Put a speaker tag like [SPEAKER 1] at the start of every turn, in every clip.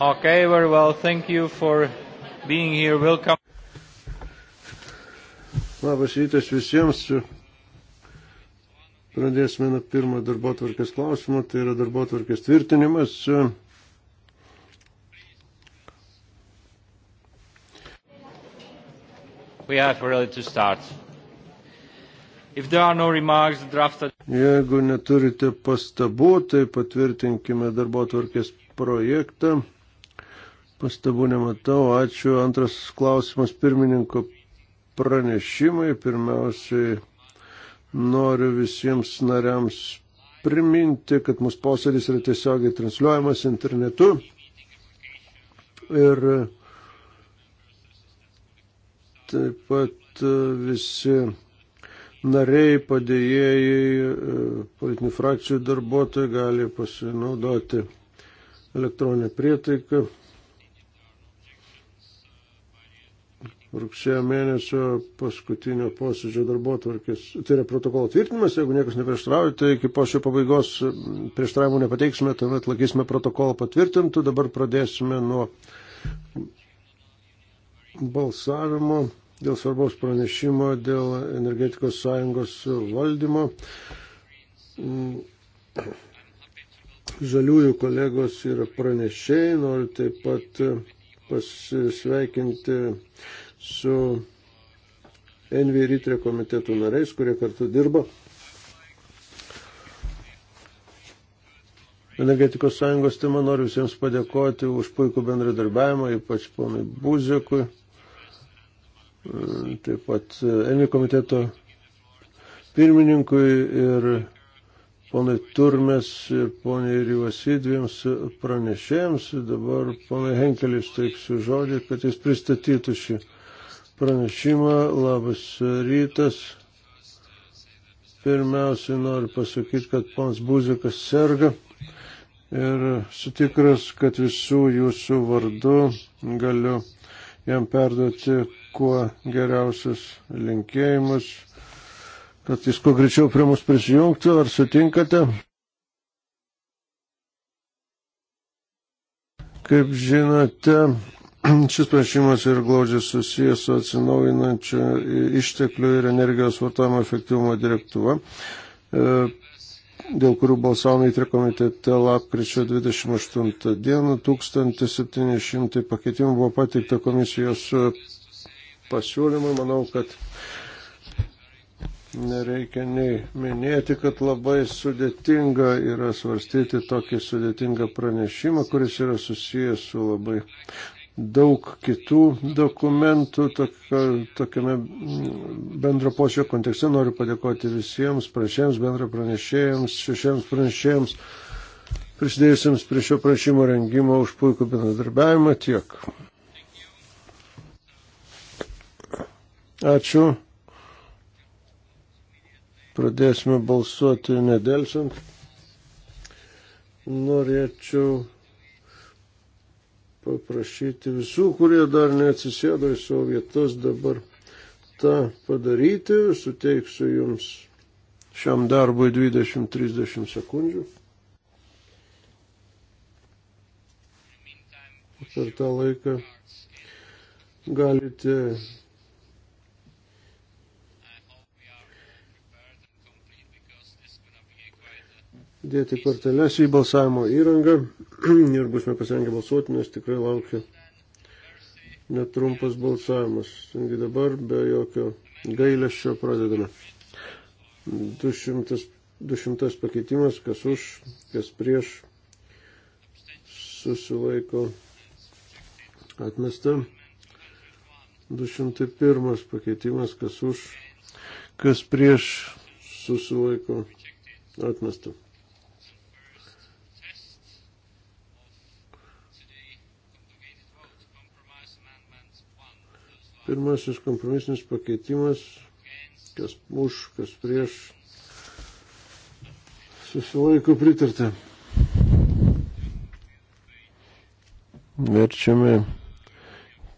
[SPEAKER 1] Okay, very well. Thank you for being here.
[SPEAKER 2] Welcome. Labas rytas visiems. Pradėsime nuo pirmo darbo tvarkės klausimo, tai yra darbo tvarkės tvirtinimas.
[SPEAKER 1] We have really to start. If there are no remarks, drafted...
[SPEAKER 2] Jeigu neturite pastabų, tai patvirtinkime darbo tvarkės projektą. Pastabų nematau. Ačiū. Antras klausimas pirmininko pranešimai. Pirmiausiai noriu visiems nariams priminti, kad mūsų posėdis yra tiesiogiai transliuojamas internetu. Ir taip pat e, visi nariai, padėjėjai, e, politinių frakcijų darbuotojai gali pasinaudoti elektroninę prietaiką. rugsėjo mėnesio paskutinio posėdžio darbo tvarkės, tai yra protokolo tvirtinimas, jeigu niekas neprieštrauja, tai iki po šio pabaigos prieštravimų nepateiksime, tuomet laikysime protokolą patvirtintų, dabar pradėsime nuo balsavimo dėl svarbaus pranešimo, dėl energetikos sąjungos valdymo. Žaliųjų kolegos yra pranešėjai, noriu taip pat pasisveikinti su NV Rytrio komitetų nariais, kurie kartu dirba energetikos sąjungos tema noriu visiems padėkoti už puikų bendradarbiavimą, ypač ponui Buzekui, e, taip pat Emi komiteto pirmininkui ir ponui Turmes ir poniai Ryvasi dviems pranešėjams. Dabar ponui Henkelis teiksiu žodį, kad jis pristatytų šį pranešimą. Labas rytas. Pirmiausiai noriu pasakyti, kad pons Buzikas serga ir sutikras, kad visų jūsų vardu galiu jam perduoti kuo geriausius linkėjimus, kad jis kuo greičiau prie mus prisijungtų. Ar sutinkate? Kaip žinote, Šis pranešimas ir glaudžiai susijęs su atsinaujinančiu išteklių ir energijos vartojimo efektyvumo direktyva, e, dėl kurių balsavome į trikomitete lapkričio 28 dieną. 1700 pakeitimų buvo pateikta komisijos pasiūlymui. Manau, kad nereikia nei minėti, kad labai sudėtinga yra svarstyti tokį sudėtingą pranešimą, kuris yra susijęs su labai daug kitų dokumentų tokio, tokiame bendro pošio kontekste. Noriu padėkoti visiems prašėjams, bendro pranešėjams, šešiems pranešėjams, prisidėjusiems prie šio prašymo rengimo už puikų bendradarbiavimą tiek. Ačiū. Pradėsime balsuoti nedelsant. Norėčiau paprašyti visų, kurie dar neatsisėdo į savo vietas dabar tą padaryti. Suteiksiu jums šiam darbui 20-30 sekundžių. Per tą laiką galite dėti korteles į balsavimo įrangą. ir būsime pasirengę balsuoti, nes tikrai laukia netrumpas balsavimas. Taigi dabar be jokio gailesčio pradedame. 200, 200 pakeitimas, kas už, kas prieš, susilaiko atmesta. 201 pakeitimas, kas už, kas prieš, susilaiko atmesta. Pirmasis kompromisinis pakeitimas, kas už, kas prieš, susilaiko pritarta. Verčiame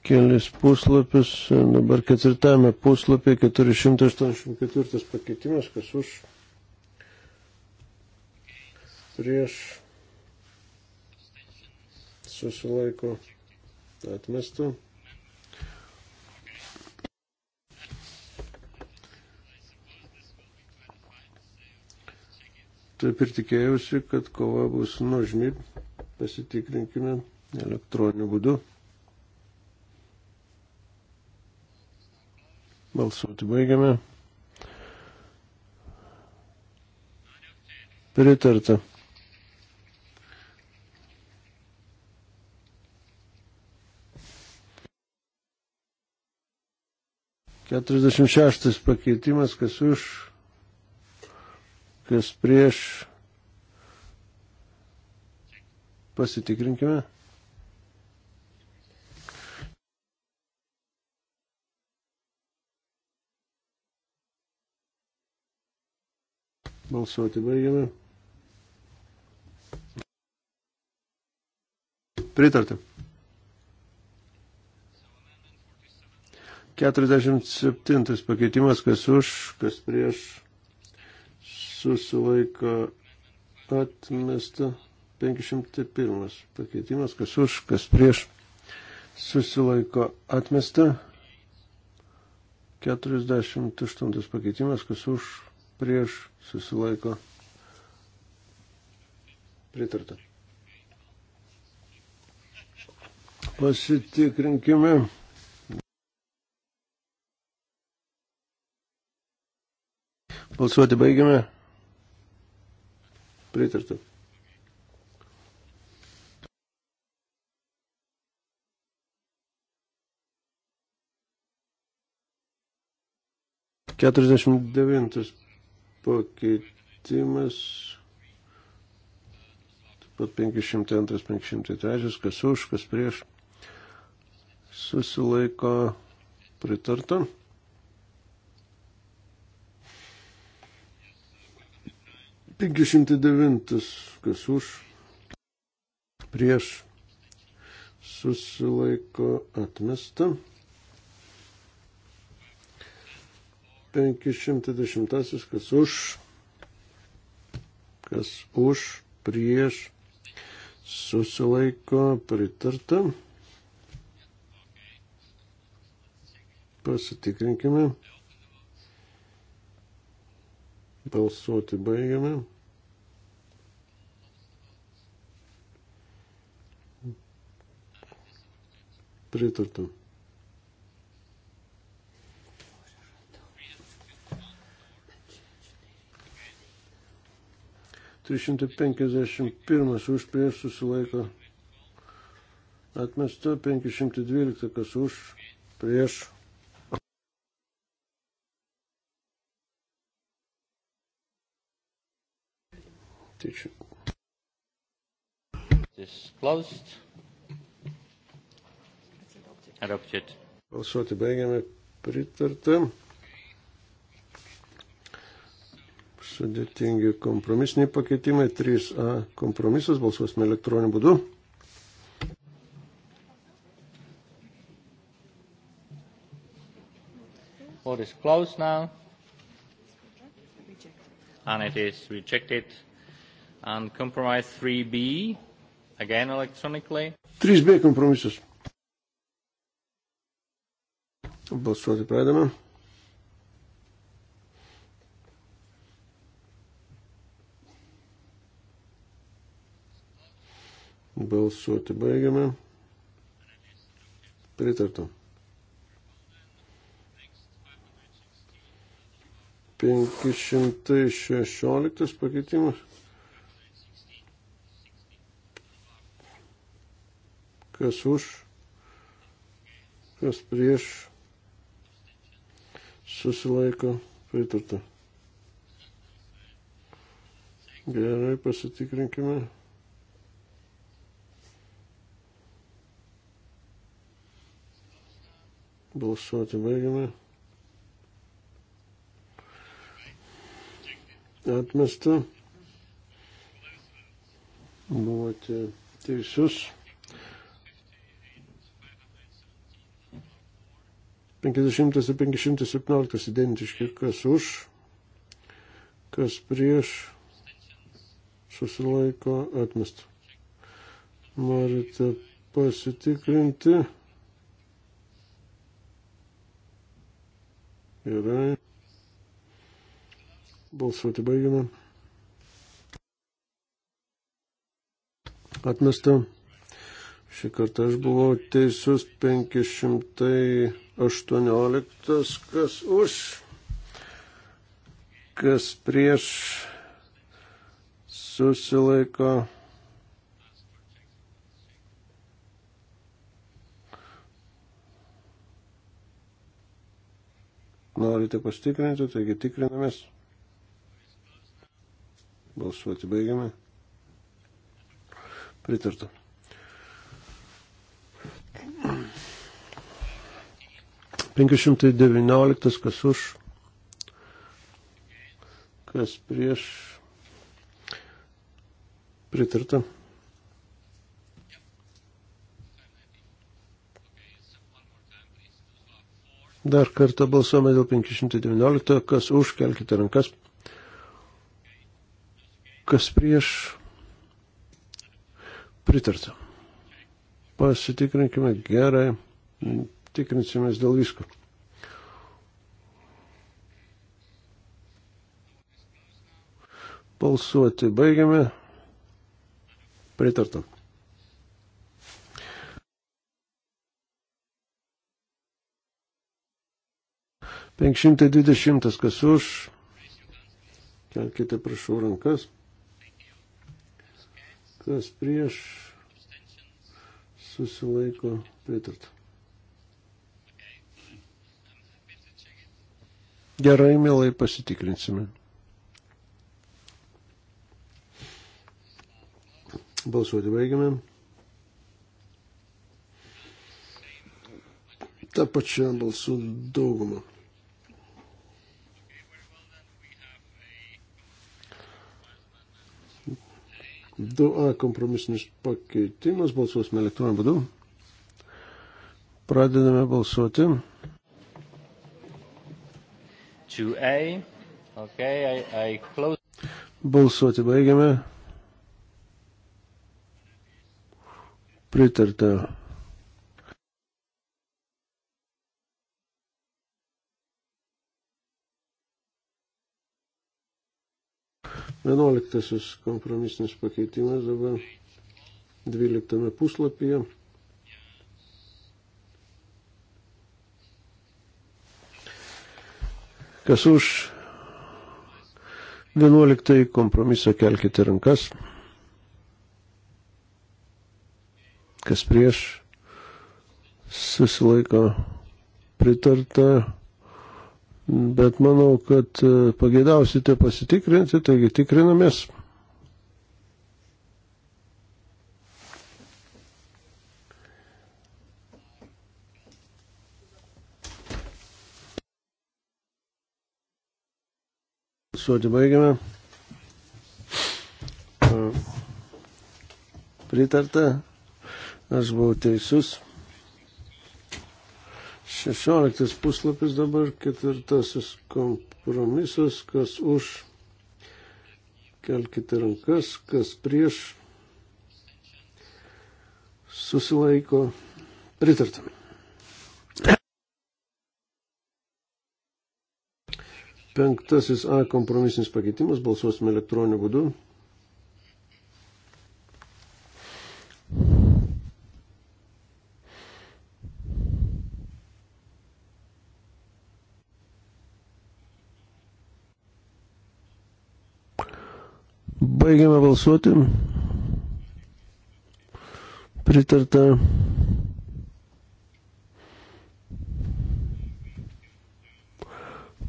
[SPEAKER 2] kelis puslapius, dabar ketvirtame puslapyje 484 pakeitimas, kas už, prieš, susilaiko atmestų. Taip ir tikėjausi, kad kova bus nuožmi. Pasitikrinkime elektroniniu būdu. Balsuoti baigiame. Pritarta. Keturiasdešimt šeštas pakeitimas, kas už kas prieš. Pasitikrinkime. Balsuoti baigiame. Pritarti. 47 pakeitimas, kas už, kas prieš susilaiko atmesta 501 pakeitimas, kas už, kas prieš susilaiko atmesta 48 pakeitimas, kas už, prieš susilaiko pritarta. Pasitikrinkime. Balsuoti baigiame. Pritarta. Keturiasdešimt devintas pakeitimas, taip pat 502, 503, kas už, kas prieš, susilaiko pritarta. 509. Kas už? Prieš susilaiko atmesta. 510. Kas už? Kas už? Prieš susilaiko pritarta. Pasitikrinkime. Balsuoti baigiame. Pritartu. Trišimtai penkiasdešimt pirmas už prieš susilaiko atmesta, penkišimtai dvylikta kas už prieš pokyčių. Balsuoti baigiame pritartą. Sudėtingi kompromisiniai pakeitimai. 3A kompromisas. Balsuosime elektroniniu būdu.
[SPEAKER 1] Vote is closed now. And it is rejected and compromise 3B, again electronically.
[SPEAKER 2] 3B kompromisas. Balsuoti pradame. Balsuoti baigiame. Pritartu. 516 pakeitimas. kas už, kas prieš, susilaiko pritarta. Gerai, pasitikrinkime. Balsuoti baigiame. Atmesta. Buvote teisus. 50 ir 517 identiški, kas už, kas prieš, susilaiko atmestą. Norite pasitikrinti? Gerai. Balsuoti baigiame. Atmesta. Šį kartą aš buvau teisus 518, kas už, kas prieš susilaiko. Norite pastikrinti, taigi tikrinamės. Balsuoti baigiame. Pritartu. 519, kas už, kas prieš, pritarta. Dar kartą balsuojame dėl 519, kas už, kelkite rankas, kas prieš, pritarta. Pasitikrinkime gerai tikrinsimės dėl visko. Balsuoti baigiame. Pritartam. Penkšimtai dvidešimtas kas už. Kelkite prašau rankas. Kas prieš susilaiko pritartą. Gerai, mielai pasitikrinsime. Balsuoti baigiame. Ta pačia balsų dauguma. Du A kompromisinis pakeitimas balsuosime elektroniniu būdu. Pradedame balsuoti.
[SPEAKER 1] 2A. Okay, I, I close.
[SPEAKER 2] Balsuoti baigiame. Pritarta. Vienuoliktasis kompromisinis pakeitimas dabar dvyliktame puslapyje. Kas už 11 kompromisą kelkite rankas. Kas prieš susilaiko pritarta. Bet manau, kad e, pageidausite pasitikrinti, taigi tikrinamės. Balsuoti baigiame. Pritarta. Aš buvau teisus. 16 puslapis dabar, ketvirtasis kompromisas, kas už, kelkite rankas, kas prieš, susilaiko, pritartame. Penktasis A kompromisinis pakeitimas, balsuosime elektroniniu būdu. Baigiame balsuoti. Pritarta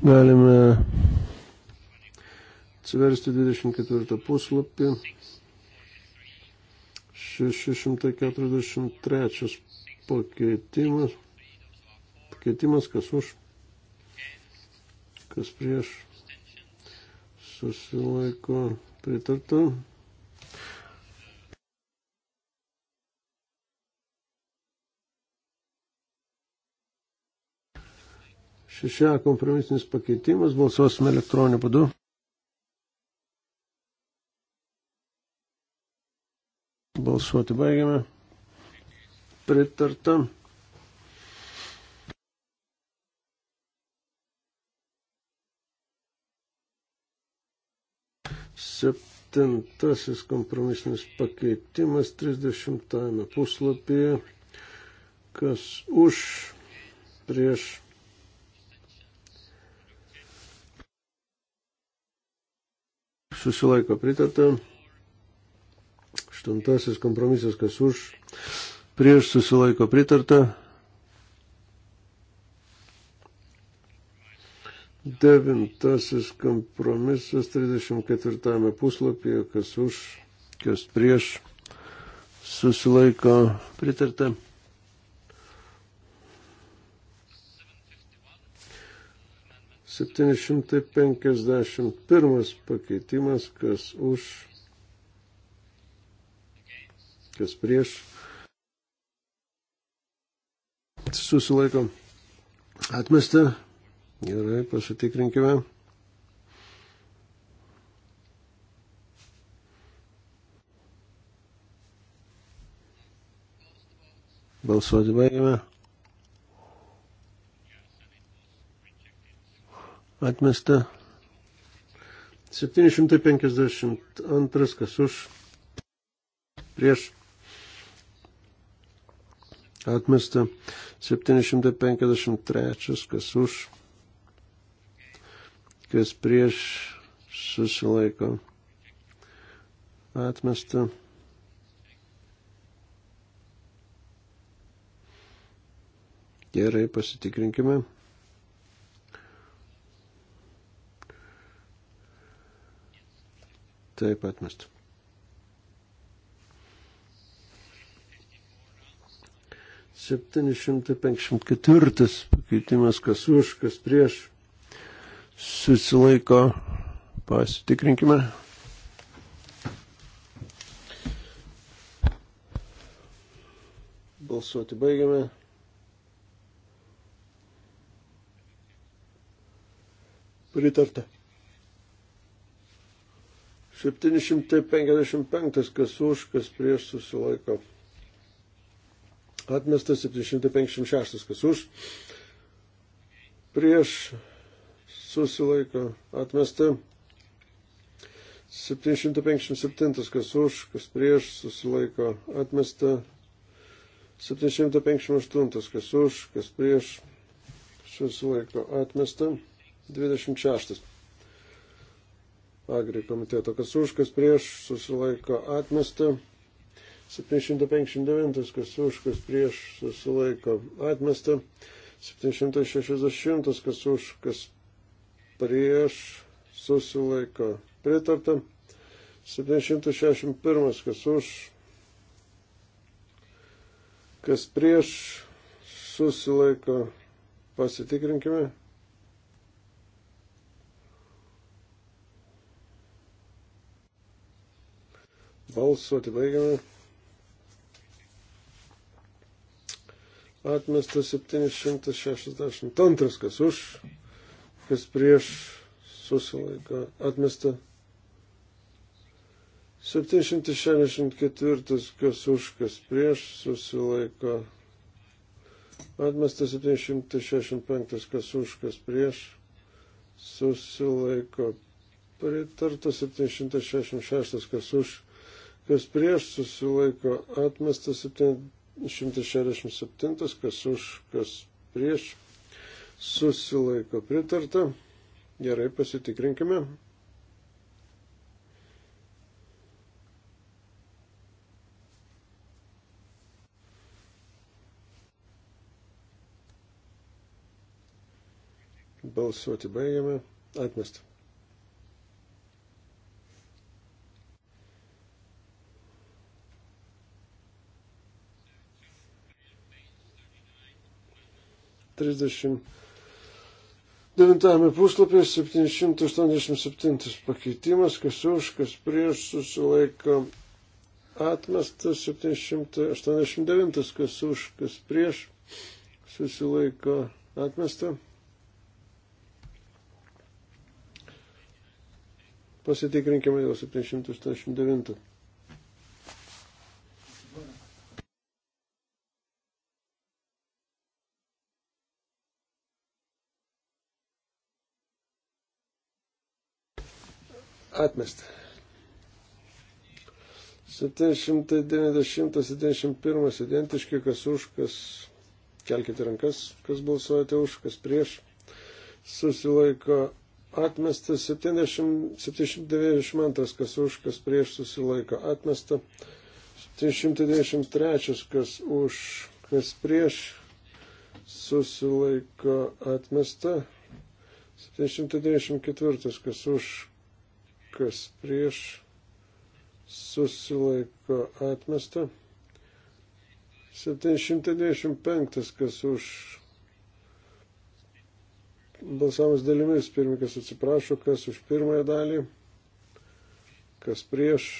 [SPEAKER 2] Galime atsiversti 24 puslapį. 643 pakeitimas. Pakeitimas, kas už, kas prieš, susilaiko pritarta. Šešia kompromisinis pakeitimas, balsuosime elektroniniu būdu. Balsuoti baigiame. Pritarta. Septintasis kompromisinis pakeitimas 30 puslapyje. Kas už prieš susilaiko pritarta. Aštuntasis kompromisas, kas už, prieš susilaiko pritarta. Devintasis kompromisas 34 puslapyje, kas už, kas prieš susilaiko pritarta. 751 pakeitimas, kas už, kas prieš. Susilaikom. Atmesti. Gerai, pasitikrinkime. Balsuoti baigime. atmesta. 752 kas už prieš atmesta. 753 kas už kas prieš susilaiko atmesta. Gerai, pasitikrinkime. Taip atmesta. Septyni šimtai penkšimt ketvirtas pakeitimas, kas už, kas prieš. Susilaiko. Pasitikrinkime. Balsuoti baigiame. Pritarta. 755, kas už, kas prieš susilaiko. Atmestas 756, kas už, prieš susilaiko. Atmesta 757, kas už, kas prieš susilaiko. Atmesta 758, kas už, kas prieš susilaiko. Atmesta 26. Agri komiteto, kas už, kas prieš, susilaiko atmesta. 759, kas už, kas prieš, susilaiko atmesta. 760, kas už, kas prieš, susilaiko pritarta. 761, kas už, kas prieš, susilaiko pasitikrinkime. Balsuoti baigiame. Atmestas 762, kas už, kas prieš susilaiko. Atmesta 764, kas už, kas prieš susilaiko. Atmestas 765, kas už, kas prieš susilaiko pritarta 766, kas už, kas prieš susilaiko atmestas 167, kas už, kas prieš susilaiko pritarta. Gerai, pasitikrinkime. Balsuoti baigiame. Atmestą. 39 puslapyje 787 pakeitimas, kas už, kas prieš susilaiko atmestas, 789 kas už, kas prieš susilaiko atmestą. Pasitikrinkime dėl 789. atmesti. 790-71 identiški, kas už, kas kelkite rankas, kas balsuojate už, kas prieš. Susilaiko atmesta 70, 792, kas už, kas prieš susilaiko atmesta. 793, kas už, kas prieš susilaiko atmesta. 794, kas už, kas prieš susilaiko atmesta. 795, kas už balsavimas dalimis, pirmininkas atsiprašo, kas už pirmąją dalį, kas prieš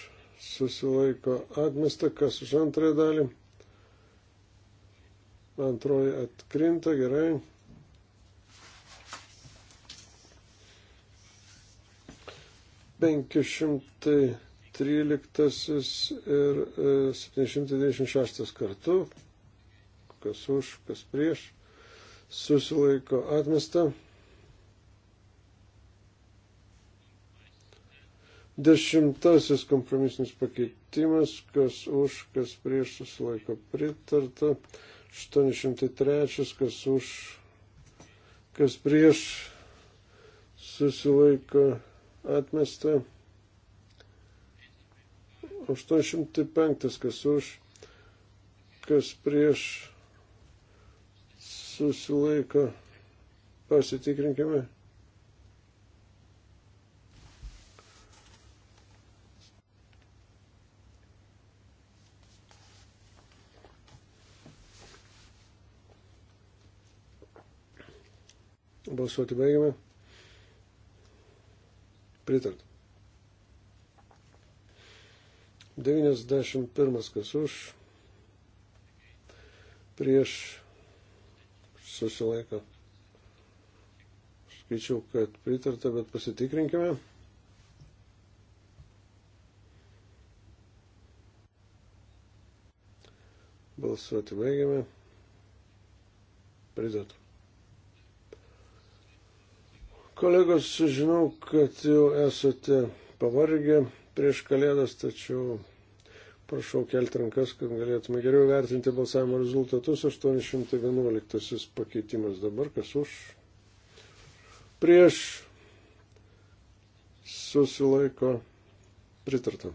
[SPEAKER 2] susilaiko atmesta, kas už antrąją dalį. Antroji atkrinta, gerai. 513 ir 726 e, kartu, kas už, kas prieš, susilaiko atmesta. Dešimtasis kompromisinis pakeitimas, kas už, kas prieš susilaiko pritarta. 803, kas už, kas prieš susilaiko pritarta atmesta. 805 kas už, kas prieš susilaiko. Pasitikrinkime. Balsuoti baigiame. Pritart. 91 kas už, prieš susilaiką. Skaičiau, kad pritarta, bet pasitikrinkime. Balsuoti baigiame. Pritarta. Kolegos, žinau, kad jau esate pavargę prieš kalėdas, tačiau prašau kelti rankas, kad galėtume geriau vertinti balsavimo rezultatus. 811 pakeitimas dabar, kas už. Prieš susilaiko pritarta.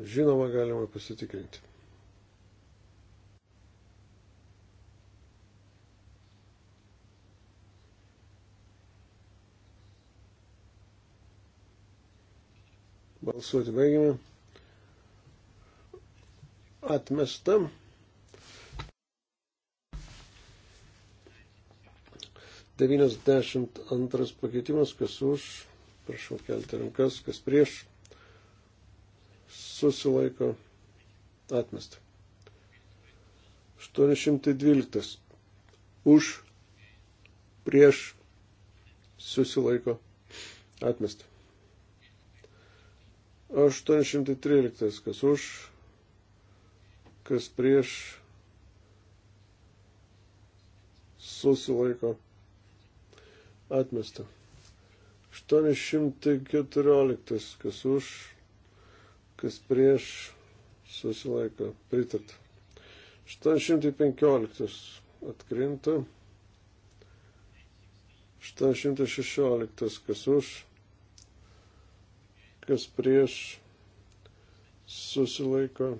[SPEAKER 2] Žinoma, galima pasitikrinti. Balsuoti baigiame. Atmesta. Devyniasdešimt antras pakeitimas, kas už, prašau kelti rankas, kas prieš, susilaiko atmesta. 812 už, prieš, susilaiko atmesta. 813, kas už, kas prieš, susilaiko, atmesta. 814, kas už, kas prieš, susilaiko, pritarta. 815 atkrinta. 816, kas už, kas prieš susilaiko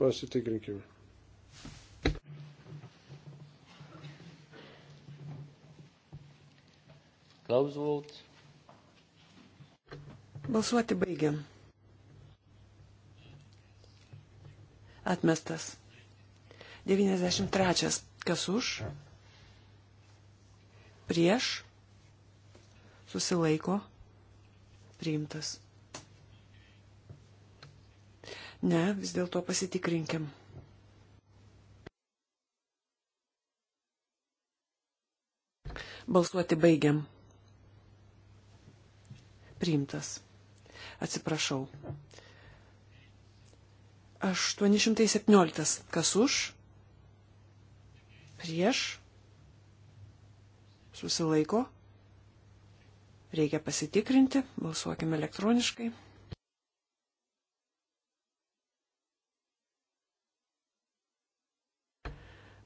[SPEAKER 2] pasitikrinkime.
[SPEAKER 1] Close vote.
[SPEAKER 3] Balsuoti baigiam. Atmestas. 93. Kas už? Prieš? Susilaiko priimtas. Ne, vis dėlto pasitikrinkim. Balsuoti baigiam. Priimtas. Atsiprašau. 817. Kas už? Prieš? Susilaiko? Reikia pasitikrinti, balsuokime elektroniškai.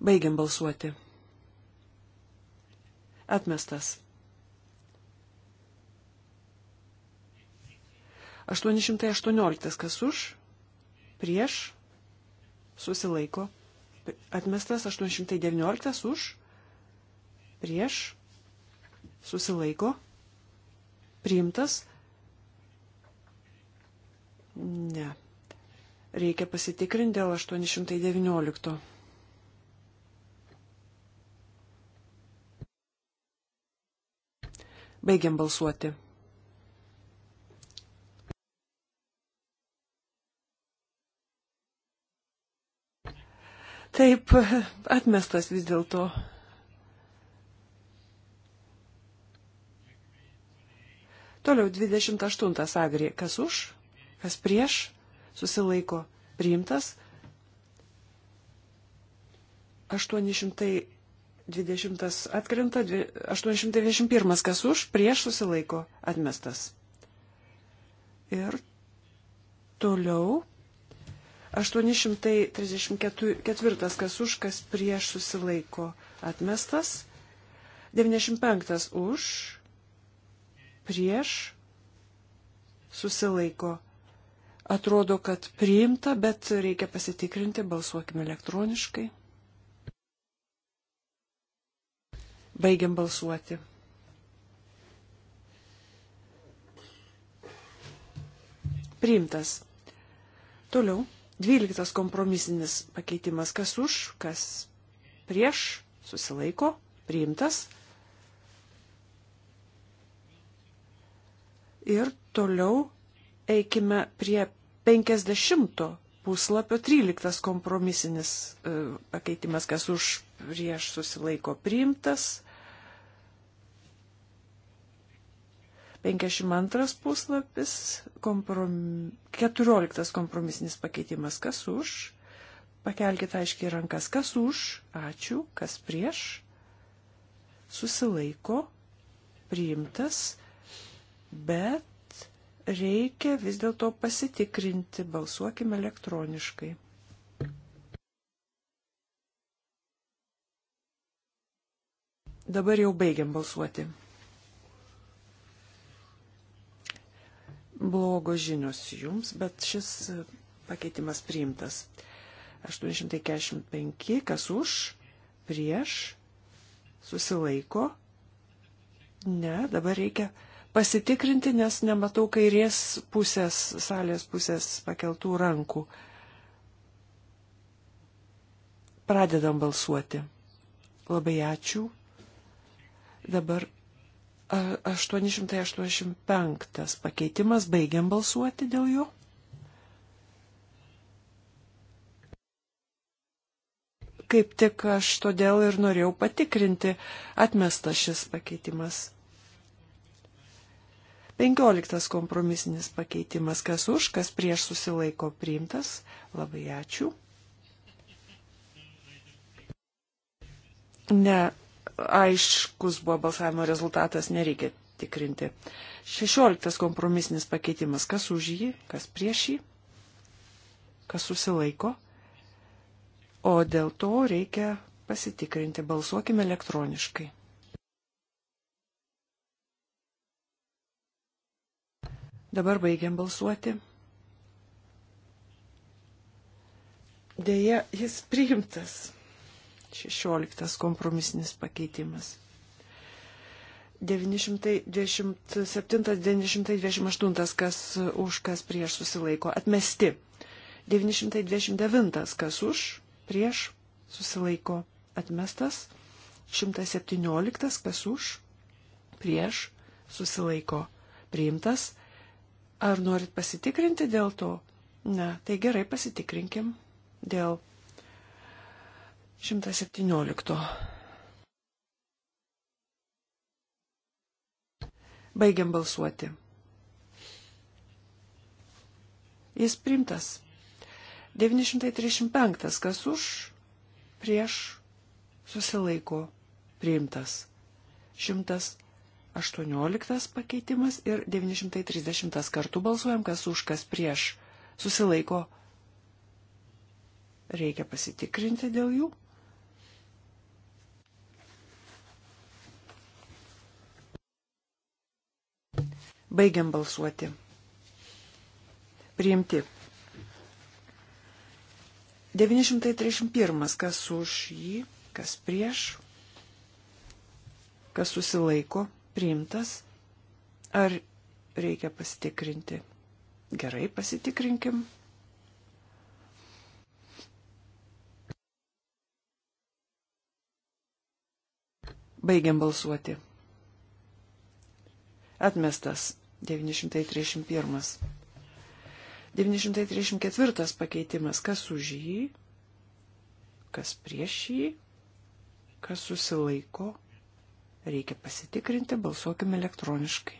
[SPEAKER 3] Baigiam balsuoti. Atmestas. 818 kas už, prieš, susilaiko. Atmestas 819 už, prieš, susilaiko. Priimtas? Ne. Reikia pasitikrinti dėl 819. Baigiam balsuoti. Taip, atmestas vis dėlto Toliau 28 agri, kas už, kas prieš, susilaiko priimtas. 820 atkrenta, 821 kas už, prieš susilaiko atmestas. Ir toliau 834 kas už, kas prieš susilaiko atmestas. 95 už, prieš, susilaiko. Atrodo, kad priimta, bet reikia pasitikrinti, balsuokime elektroniškai. Baigiam balsuoti. Priimtas. Toliau. Dvyliktas kompromisinis pakeitimas. Kas už, kas prieš, susilaiko, priimtas. Ir toliau eikime prie 50 puslapio 13 kompromisinis e, pakeitimas, kas už prieš susilaiko priimtas. 52 puslapis, komprom... 14 kompromisinis pakeitimas, kas už. Pakelkite aiškiai rankas, kas už, ačiū, kas prieš. Susilaiko, priimtas bet reikia vis dėlto pasitikrinti, balsuokime elektroniškai. Dabar jau baigiam balsuoti. Blogo žinios jums, bet šis pakeitimas priimtas. 845, kas už, prieš, susilaiko. Ne, dabar reikia pasitikrinti, nes nematau kairės pusės, salės pusės pakeltų rankų. Pradedam balsuoti. Labai ačiū. Dabar 885 pakeitimas, baigiam balsuoti dėl jo. Kaip tik aš todėl ir norėjau patikrinti, atmestas šis pakeitimas. Penkioliktas kompromisinis pakeitimas, kas už, kas prieš susilaiko priimtas. Labai ačiū. Ne, aiškus buvo balsavimo rezultatas, nereikia tikrinti. Šešioliktas kompromisinis pakeitimas, kas už jį, kas prieš jį, kas susilaiko. O dėl to reikia pasitikrinti, balsuokime elektroniškai. Dabar baigiam balsuoti. Deja, jis priimtas. 16 kompromisinis pakeitimas. 927-928, kas už, kas prieš susilaiko, atmesti. 929, kas už, prieš susilaiko, atmestas. 117, kas už, prieš susilaiko, priimtas. Ar norit pasitikrinti dėl to? Na, tai gerai pasitikrinkim dėl 117. Baigiam balsuoti. Jis primtas. 935. Kas už, prieš, susilaiko, priimtas. 100 18 pakeitimas ir 930 kartų balsuojam, kas už, kas prieš. Susilaiko. Reikia pasitikrinti dėl jų. Baigiam balsuoti. Priimti. 931. Kas už jį, kas prieš, kas susilaiko priimtas. Ar reikia pasitikrinti? Gerai, pasitikrinkim. Baigiam balsuoti. Atmestas 931. 934 pakeitimas. Kas už jį? Kas prieš jį? Kas susilaiko? Reikia pasitikrinti, balsuokime elektroniškai.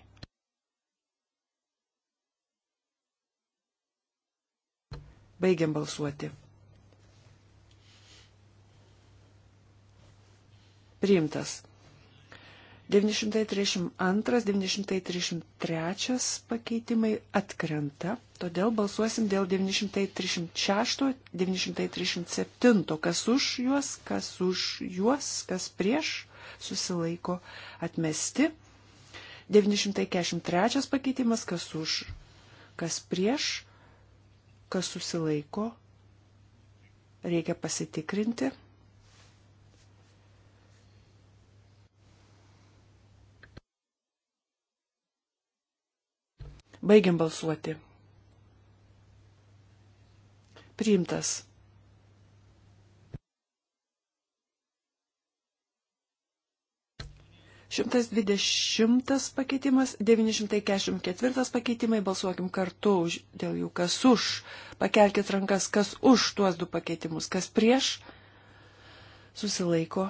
[SPEAKER 3] Baigiam balsuoti. Priimtas. 932-933 pakeitimai atkrenta, todėl balsuosim dėl 936-937, kas už juos, kas už juos, kas prieš, susilaiko atmesti. 943 pakeitimas, kas už, kas prieš, kas susilaiko, reikia pasitikrinti. Baigiam balsuoti. Priimtas. 120 pakeitimas, 944 pakeitimai, balsuokim kartu už, dėl jų, kas už. Pakelkit rankas, kas už tuos du pakeitimus, kas prieš. Susilaiko.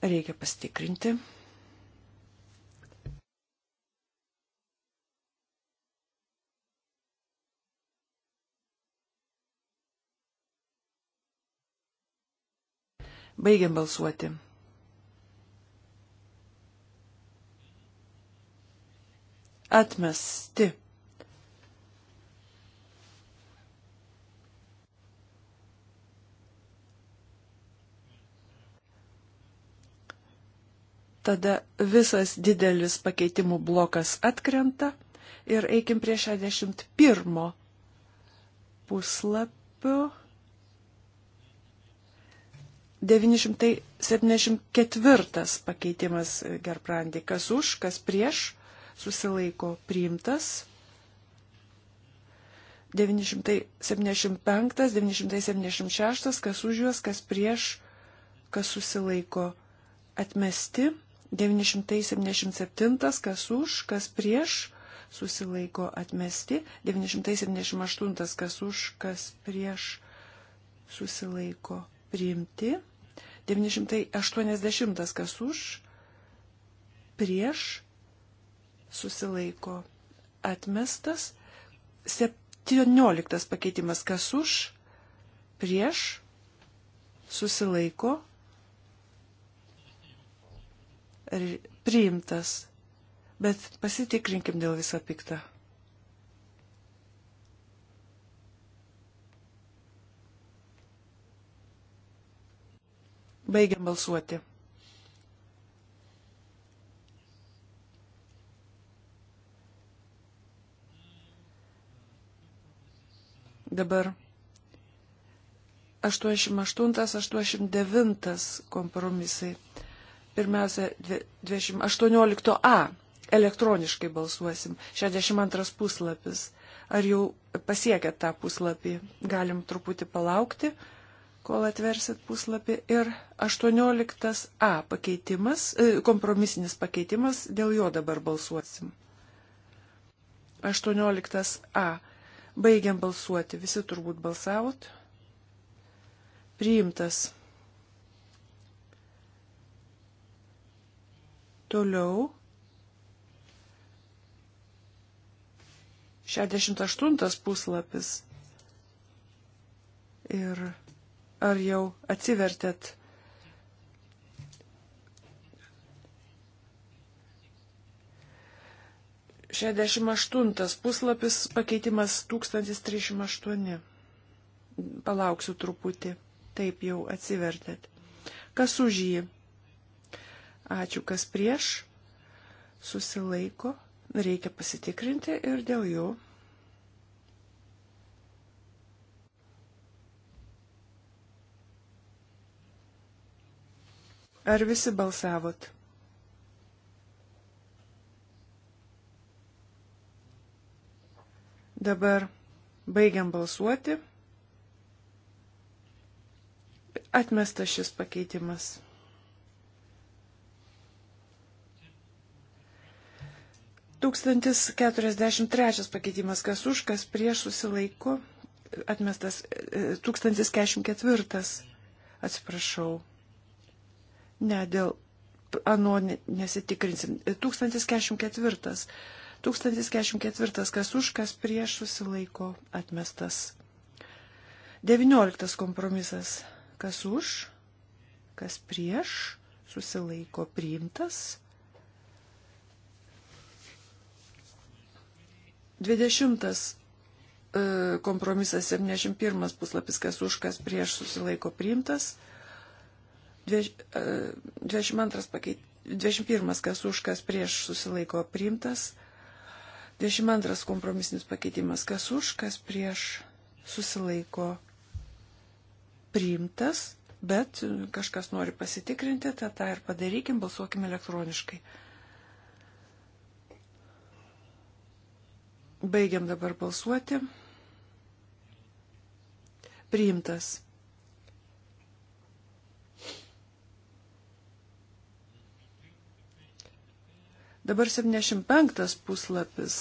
[SPEAKER 3] Reikia pastikrinti. Baigiam balsuoti. atmesti. Tada visas didelis pakeitimų blokas atkrenta ir eikim prie 61 puslapio. 974 pakeitimas Gerbrandi, kas už, kas prieš susilaiko priimtas. 975, 976, kas už juos, kas prieš, kas susilaiko atmesti. 977, kas už, kas prieš, susilaiko atmesti. 978, kas už, kas prieš, susilaiko priimti. 980, kas už, prieš, susilaiko atmestas. 17 pakeitimas kas už, prieš, susilaiko, priimtas. Bet pasitikrinkim dėl viso piktą. Baigiam balsuoti. Dabar 88-89 kompromisai. Pirmiausia, 18a elektroniškai balsuosim. 62 puslapis. Ar jau pasiekėt tą puslapį? Galim truputį palaukti, kol atversit puslapį. Ir 18a pakeitimas, e, kompromisinis pakeitimas, dėl jo dabar balsuosim. 18a Baigiam balsuoti. Visi turbūt balsavot. Priimtas. Toliau. 68 puslapis. Ir ar jau atsivertėt 68 puslapis pakeitimas 1308. Palauksiu truputį. Taip jau atsivertėt. Kas už jį? Ačiū, kas prieš. Susilaiko. Reikia pasitikrinti ir dėl jų. Ar visi balsavot? Dabar baigiam balsuoti. Atmestas šis pakeitimas. Tūkstantis keturiasdešimt trečias pakeitimas, kas už, kas prieš susilaiko, atmestas e, tūkstantis keturiasdešimt ketvirtas, atsiprašau. Ne, dėl ano nesitikrinsim. E, tūkstantis keturiasdešimt ketvirtas 1044. Kas už, kas prieš susilaiko atmestas. 19. Kompromisas. Kas už, kas prieš susilaiko priimtas. 20 e, kompromisas 71 puslapis, kas už, kas prieš susilaiko priimtas. 22 e, pakeit, 21 kas už, kas prieš susilaiko priimtas. 22 kompromisinis pakeitimas. Kas už, kas prieš susilaiko priimtas, bet kažkas nori pasitikrinti, tad tą ir padarykim, balsuokim elektroniškai. Baigiam dabar balsuoti. Priimtas. Dabar 75 puslapis.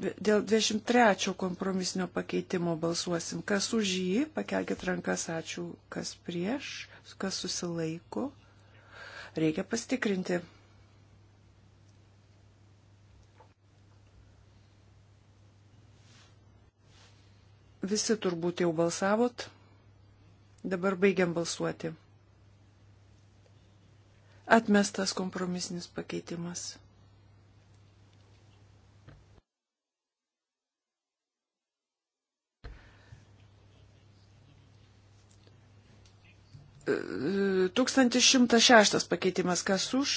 [SPEAKER 3] Dėl 23 kompromisinio pakeitimo balsuosim. Kas už jį, pakelkit rankas, ačiū, kas prieš, kas susilaiko. Reikia pastikrinti. Visi turbūt jau balsavot. Dabar baigiam balsuoti. Atmestas kompromisinis pakeitimas. Tūkstantis šimtas šeštas pakeitimas, kas už?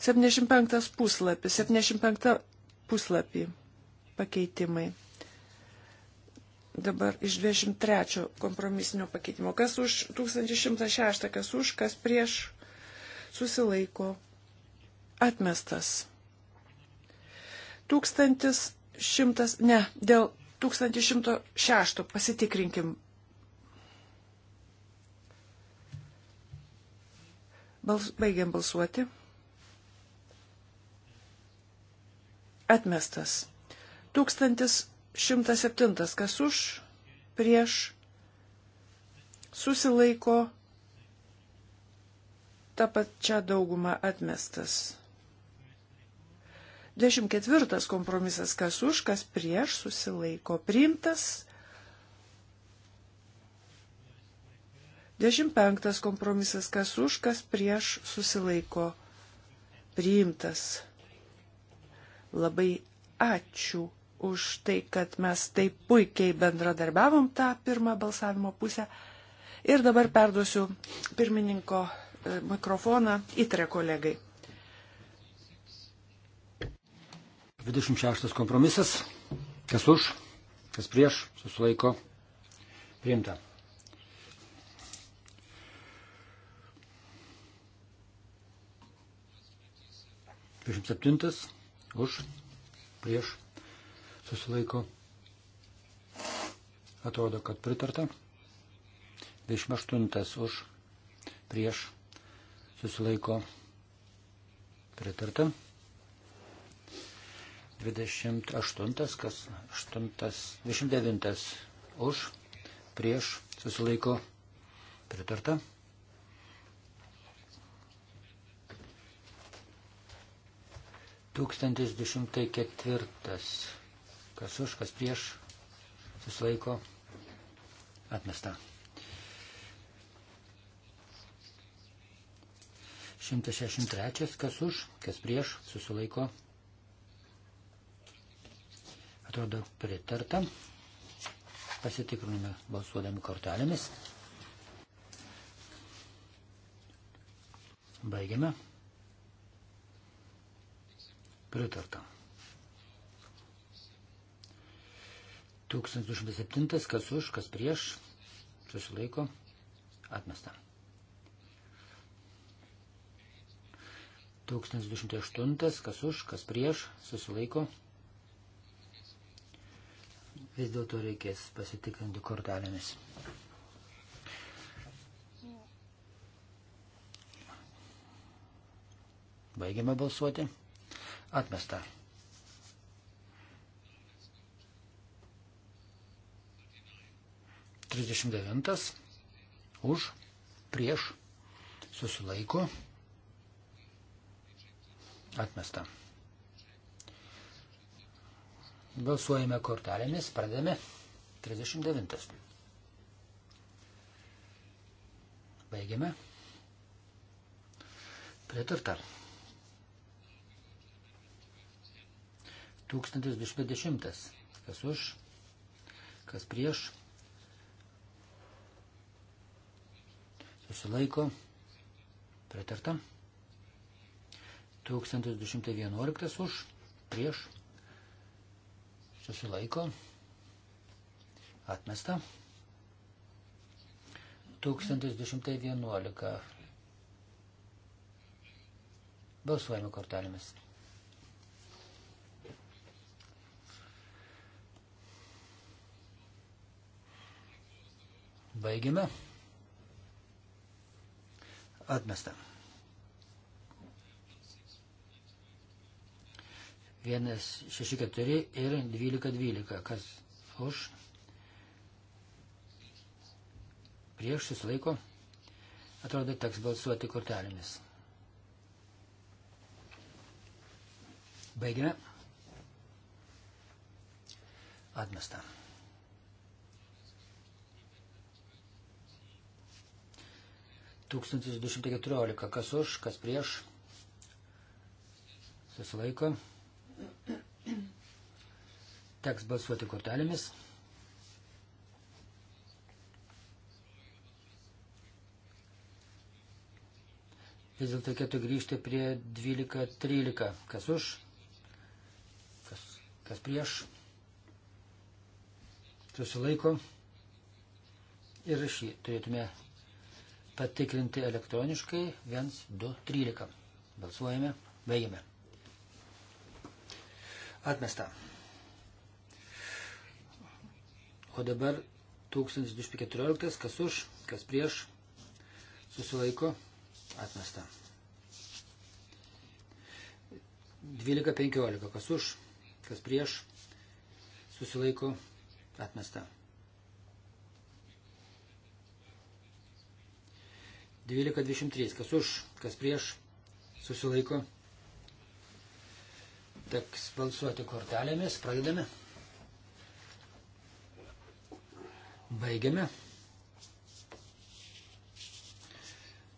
[SPEAKER 3] 75 puslapį, 75 puslapį pakeitimai. Dabar iš 23 kompromisinio pakeitimo. Kas už 1106, kas už, kas prieš susilaiko atmestas. 1100, ne, dėl 1106 pasitikrinkim. Bals, baigiam balsuoti. Atmestas. 1107, kas už, prieš, susilaiko, ta pačia dauguma atmestas. 24 kompromisas, kas už, kas prieš, susilaiko priimtas. 15 kompromisas, kas už, kas prieš, susilaiko priimtas. Labai ačiū už tai, kad mes taip puikiai bendradarbiavom tą pirmą balsavimo pusę. Ir dabar perduosiu pirmininko mikrofoną įtre kolegai.
[SPEAKER 1] 26 kompromisas. Kas už, kas prieš, susilaiko. Priimta. Dvidešimt septintas. Už, prieš, susilaiko. Atrodo, kad pritarta. 28 už, prieš, susilaiko pritarta. 28, kas 8, 29 už, prieš susilaiko pritarta. Tūkstantis du šimtai ketvirtas, kas už, kas prieš, susilaiko atmesta. 163, kas už, kas prieš, susilaiko. Atrodo pritarta. Pasitikriname balsuodami kortelėmis. Baigiame. Pritarta. 1207, kas už, kas prieš, susilaiko, atmesta. 1208, kas už, kas prieš, susilaiko. Vis dėlto reikės pasitikrinti kortelėmis. Baigiame balsuoti. Atmesta. Trisdešimt devintas. Už. Prieš. Susilaiko. Susilaiko. Atmesta. Balsuojame kortelėmis, pradėme 39. Baigiame. Pritarta. 1210. Kas už, kas prieš. Susilaiko. Pritarta. 1211 už, prieš, susilaiko, atmesta. 1211 balsuojame kortelėmis. Baigiame. Atmesta. 164 ir 1212. Kas už? Prieš susilaiko. Atrodo, teks balsuoti kortelėmis. Baigime. Atmesta. Tūkstantis du šimtai keturiolika. Kas už, kas prieš? Susilaiko. Teks balsuoti kortelėmis. Vis dėlto reikėtų grįžti prie 12.13. Kas už? Kas, kas prieš? Susilaiko. Ir šį turėtume patikrinti elektroniškai 1, 2, 13. Balsuojame, baigiame. Atmesta. O dabar 1214, kas už, kas prieš, susilaiko, atmesta. 12.15, kas už, kas prieš, susilaiko, atmesta. 12.23, kas už, kas prieš, susilaiko, atmesta teks balsuoti kortelėmis. Pradedame. Baigiame.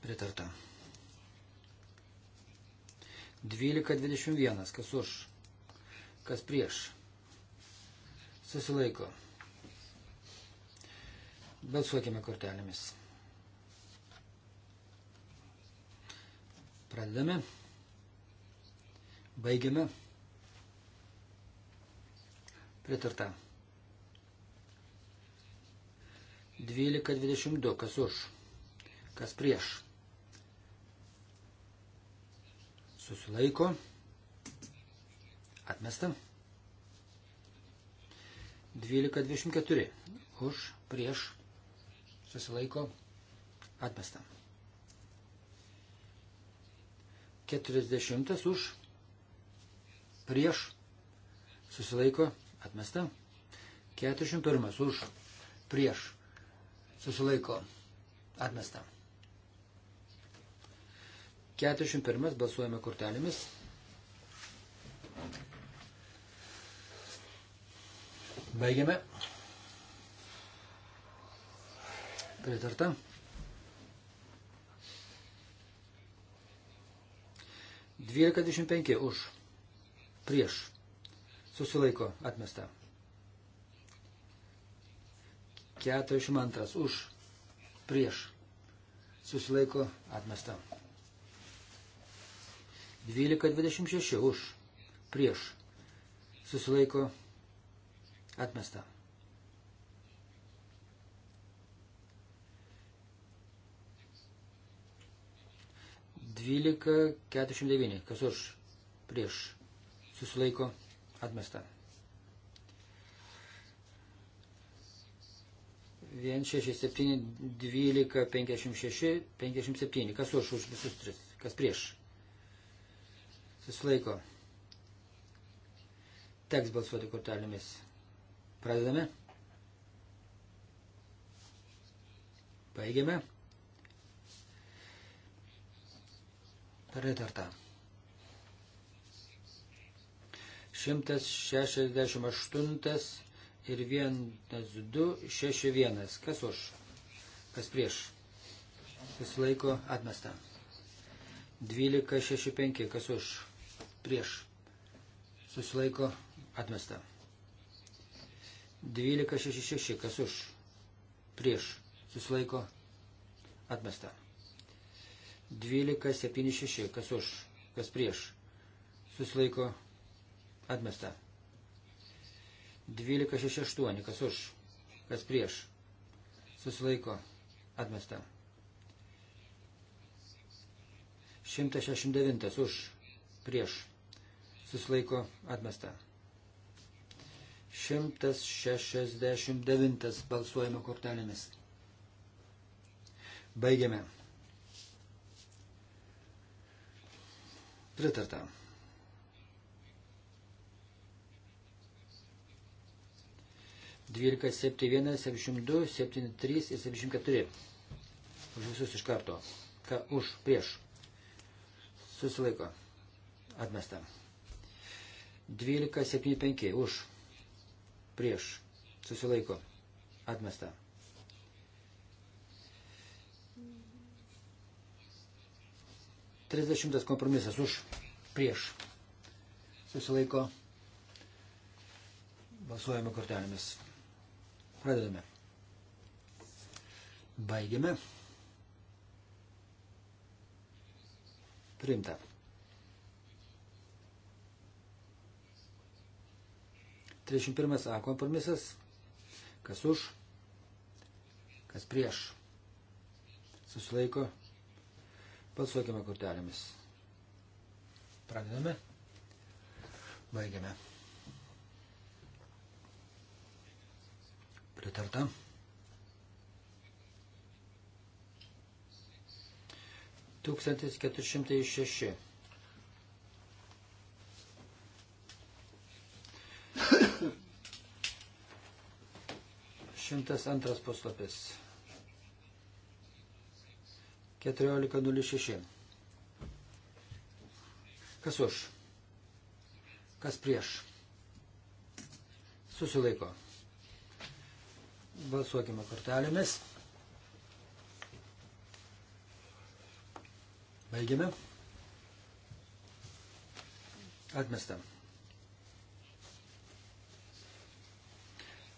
[SPEAKER 1] Pritarta. 12.21. Kas už? Kas prieš? Susilaiko. Balsuokime kortelėmis. Pradedame. Baigiame. Pritarta. 12.22. Kas už? Kas prieš? Susilaiko. Atmesta. 12.24. Už, prieš. Susilaiko. Atmesta. 40 už, prieš, susilaiko, Atmesta. 401 už. Prieš. Susilaiko. Atmesta. 401 balsuojame kortelėmis. Baigiame. Pritarta. Dvylika dvidešimt penki už. Prieš susilaiko atmesta. 42 už, prieš, susilaiko atmesta. 12.26 už, prieš, susilaiko atmesta. Dvylika keturiasdešimt devyni. Kas už? Prieš. Susilaiko. Atmesta. 1, 6, 7, 12, 56, 57. Kas už, už visus tris? Kas prieš? Susilaiko. Teks balsuoti kortelėmis. Pradedame. Baigiame. Pritarta. 168 ir 1261. Kas už? Kas prieš? Kas laiko atmesta? 1265. Kas už? Prieš. Susilaiko atmesta. 1266. Kas už? Prieš. Susilaiko atmesta. 1276. Kas už? Kas prieš? Susilaiko atmesta Atmesta. 1268, kas už, kas prieš. Susilaiko. Atmesta. 169 už, prieš. Susilaiko. Atmesta. 169 balsuojame kortelėmis. Baigiame. Pritarta. 12, 71, 72, 73 ir 74. Už visus iš karto. Ka, už, prieš. Susilaiko. Atmesta. 12, 75. Už. Prieš. Susilaiko. Atmesta. Trisdešimtas kompromisas už prieš. Susilaiko. Balsuojame kortelėmis. Pradedame. Baigiame. Priimta. Trisdešimt pirmas A kompromisas. Kas už, kas prieš. Susilaiko. Balsuokime kortelėmis. Pradedame. Baigiame. Pritarta. Tūkstantis keturi šimtai šeši. Šimtas antras puslapis. Keturiolika nulis šeši. Kas už? Kas prieš? Susilaiko. Balsuokime kortelėmis. Baigime. Atmesta.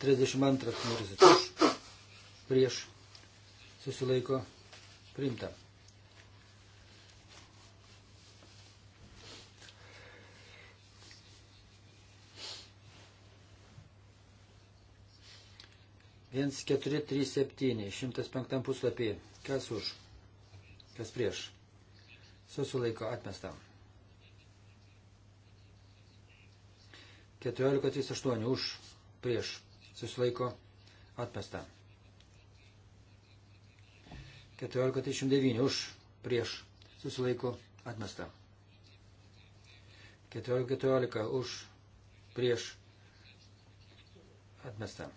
[SPEAKER 1] 32 numeris prieš susilaiko priimta. 1437, 105 puslapį. Kas už? Kas prieš? Susilaiko atmesta. 1438 už prieš. Susilaiko atmesta. 1439 už prieš. Susilaiko atmesta. 1414 už prieš. Atmesta.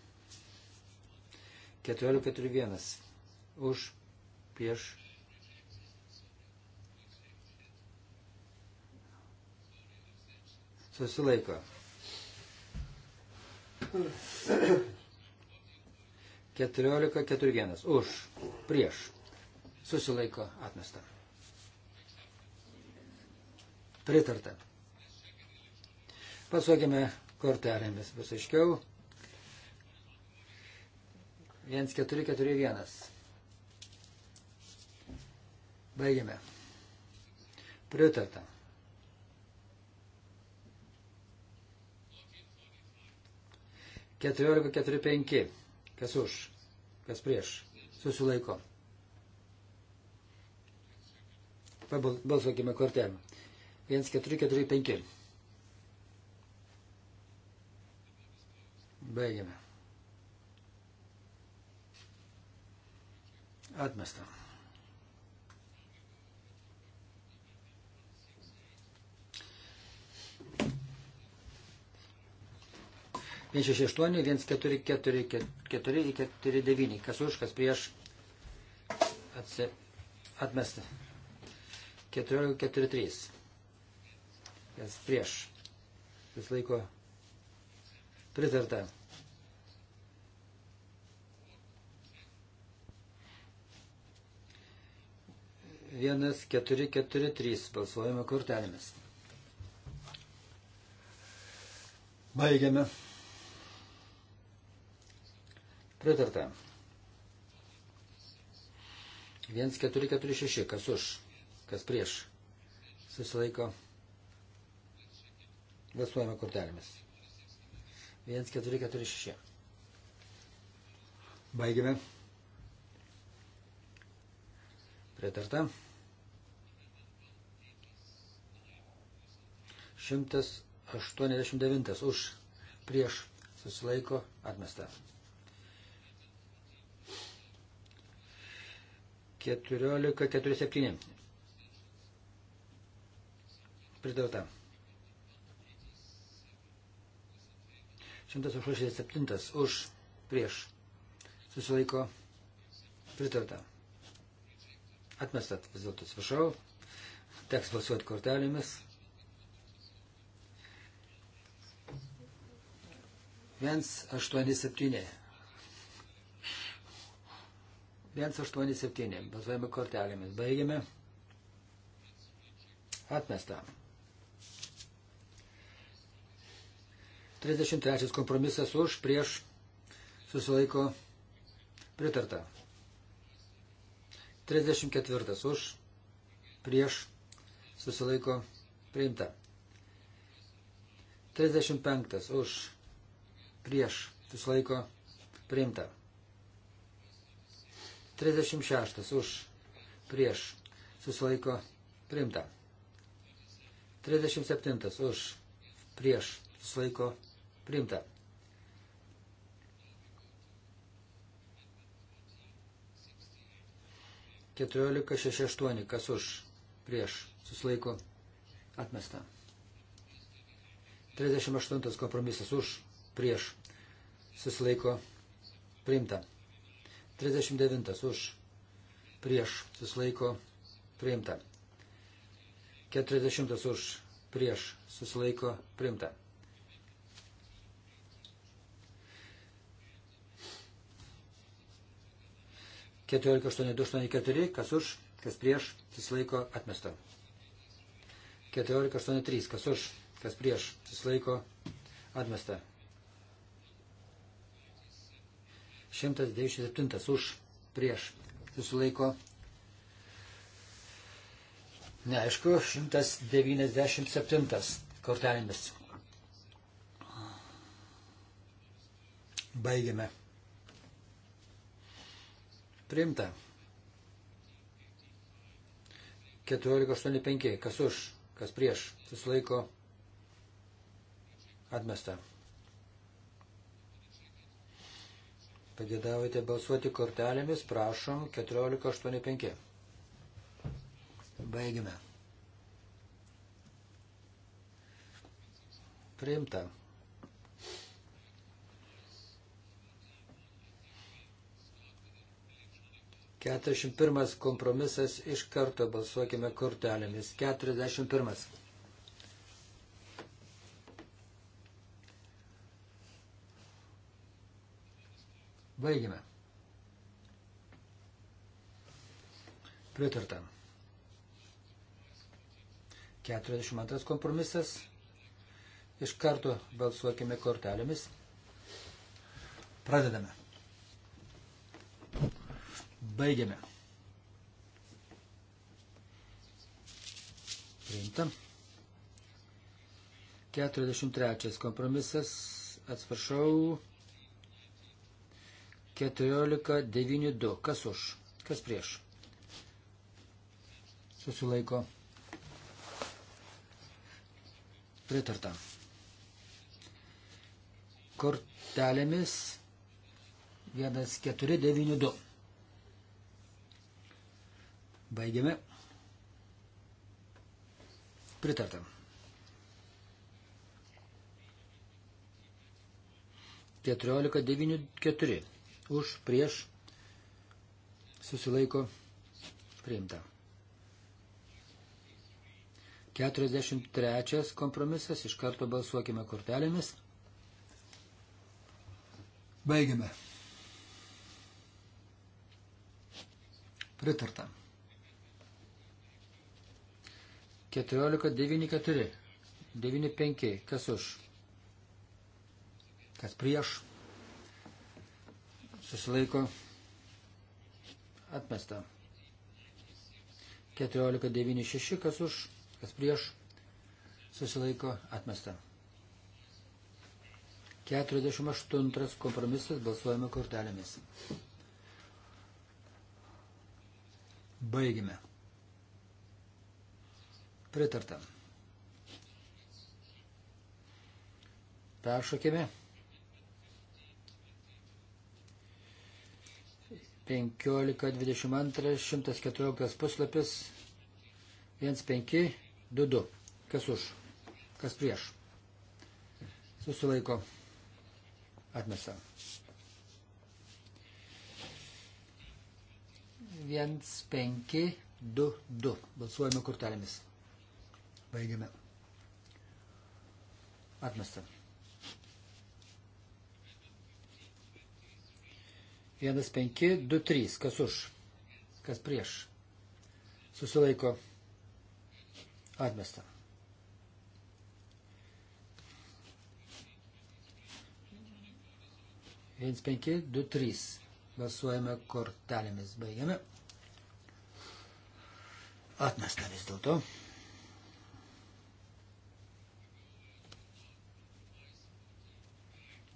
[SPEAKER 1] 1441 už prieš susilaiko. 14.41. Už. Prieš. Susilaiko atmesta. Pritarta. Pasuokime kortelėmis bus aiškiau. 1441. Baigiame. Pritarta. Keturiolika, keturi, penki. Kas už? Kas prieš? Susilaiko. Pabalsuokime kortelę. 1, 4, 4, 5. Baigiame. Atmesta. Vien šeši aštuoni, viens keturi, keturi, keturi, keturi devyni. Kas už, kas prieš atsi, atmesti. Keturiolika, keturi, trys. Kas prieš. Vis laiko pritarta. 1443 balsuojame kortelėmis. Baigiame. Pritarta. 1446. Kas už? Kas prieš? Susilaiko. Balsuojame kortelėmis. 1446. Baigiame. Pritarta. 189 už prieš susilaiko atmesta. 14.47. Pridauta. 187 už prieš susilaiko pritarta. Atmestat vis dėlto, atsiprašau. Teks balsuoti kortelėmis. 187. 187. Balsuojame kortelėmis. Baigiame. Atmesta. 33 kompromisas už prieš susilaiko pritarta. 34 už, prieš, susilaiko priimta. 35 už, prieš, susilaiko priimta. 36 už, prieš, susilaiko priimta. 37 už, prieš, susilaiko priimta. 1468, kas už, prieš, susilaiko, atmesta. 38 kompromisas už, prieš, susilaiko, priimta. 39 už, prieš, susilaiko, priimta. 40 už, prieš, susilaiko, priimta. 148284, kas už, kas prieš, susilaiko atmesta. 1483, kas už, kas prieš, susilaiko atmesta. 197 už, prieš, susilaiko. Neaišku, 197 kortelėmis. Baigiame. Priimta. 14.85. Kas už, kas prieš, susilaiko atmesta. Pagėdavote balsuoti kortelėmis, prašom 14.85. Baigime. Priimta. 41 kompromisas iš karto balsuokime kortelėmis. 41. Baigime. Pritarta. 42 kompromisas. Iš karto balsuokime kortelėmis. Pradedame. Baigiame. Priimta. 43 kompromisas, atsiprašau, 14.92. Kas už? Kas prieš? Susilaiko. Pritarta. Kortelėmis 1492. Baigiame. Pritarta. Keturiolika devynių keturi. Už prieš susilaiko priimta. 43 kompromisas, iš karto balsuokime kortelėmis. Baigiame. Pritartam. 1494. 95. Kas už? Kas prieš? Susilaiko. Atmesta. 1496. Kas už? Kas prieš? Susilaiko. Atmesta. 48 kompromisas balsuojame kortelėmis. Baigime. Pritarta. Peršokime. 15.22, 114 puslapis, 1.5.2.2. Kas už? Kas prieš? Susilaiko. Atmesa. 1, 5, 2, 2. Balsuojame kortelėmis. Baigiame. Atmesta. Vienas, penki, du, trys. Kas už? Kas prieš? Susilaiko. Atmesta. Viens, penki, du, trys. Balsuojame kortelėmis. Baigiame. Atmesta vis dėlto.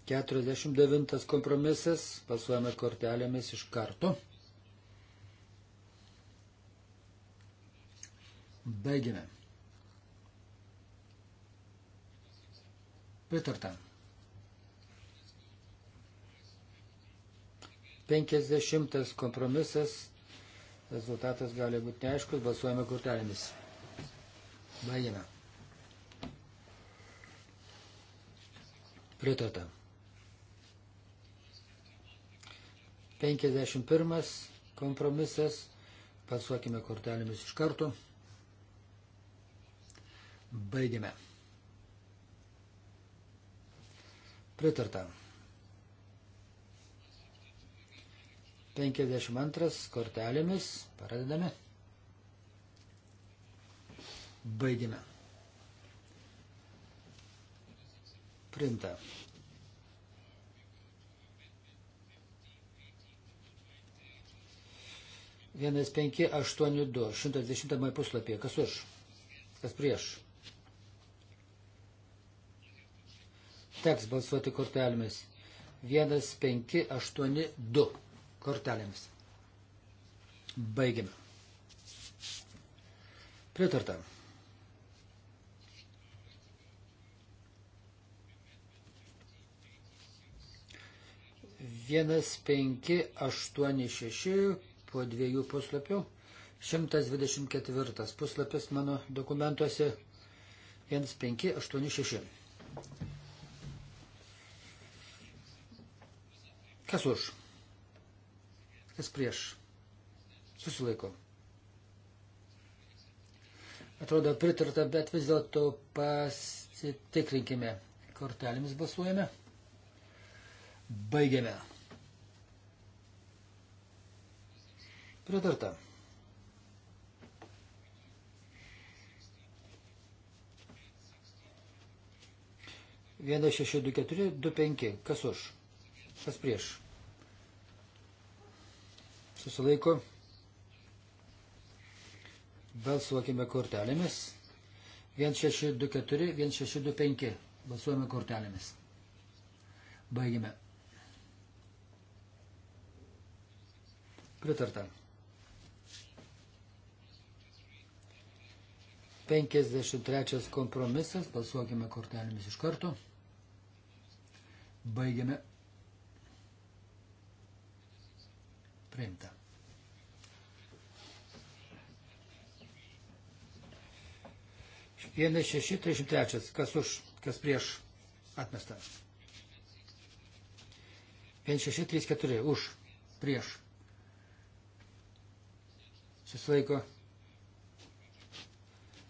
[SPEAKER 1] 49 kompromisas, pasuojame kortelėmis iš karto. Baigime. Pritarta. 50 kompromisas, rezultatas gali būti neaiškus, balsuojame kortelėmis. Baigime. Pritarta. 51 kompromisas. Pasuokime kortelėmis iš karto. Baigime. Pritarta. 52 kortelėmis. Pradedame. Baigime. Printa. 1582, 110 puslapyje. Kas už? Kas prieš? Teks balsuoti kortelėmis. 1582 kortelėmis. Baigiame. Pritarta. Vienas penki aštuoni šeši po dviejų puslapių. 124 puslapis mano dokumentuose 1586. Kas už? Kas prieš? Susilaiko. Atrodo pritarta, bet vis dėlto pasitikrinkime. Kortelėmis balsuojame. Baigiame. Pritarta. Vienas šeši du keturi du penki. Kas už? Kas prieš? Susilaiko. Balsuokime kortelėmis. 1624, 1625. Balsuojame kortelėmis. Baigime. Pritarta. 53 kompromisas, balsuokime kortelėmis iš karto. Baigiame. Priimta. Vienas šeši, trisdešimt trečias. Kas už, kas prieš atmesta. Vienas šeši, trys keturi. Už, prieš. Susilaiko. laiko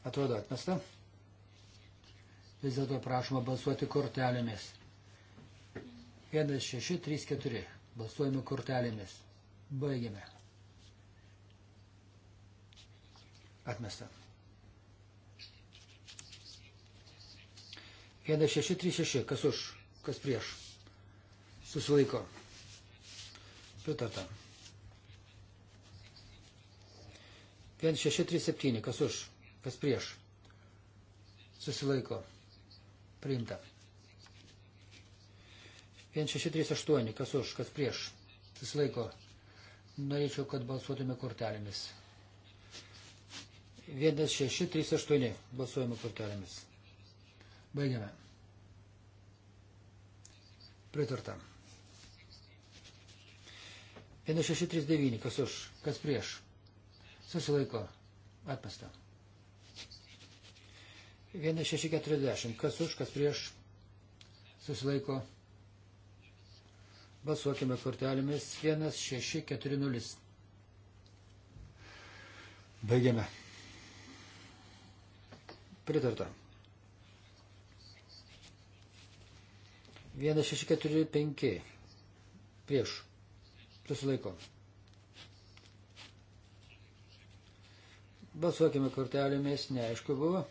[SPEAKER 1] Atrodo atmesta. Vis dėlto prašoma balsuoti kortelėmis. 1, 6, 3, 4. Balsuojame kortelėmis. Baigiame. Atmesta. 1, 6, 3, 6. Kas už? Kas prieš? Susilaiko. Pritarta. 1, 6, 3, 7. Kas už? kas prieš, susilaiko, priimta. 1638, kas už, kas prieš, susilaiko, norėčiau, kad balsuotume kortelėmis. 1638, balsuojame kortelėmis. Baigiame. Pritartam. 1639, kas už, kas prieš. Susilaiko, atmesta. 1640. Kas už, kas prieš susilaiko. Balsuokime kortelėmis 1640. Baigiame. Pritarta. 1645. Prieš. Susilaiko. Balsuokime kortelėmis, neaišku buvo.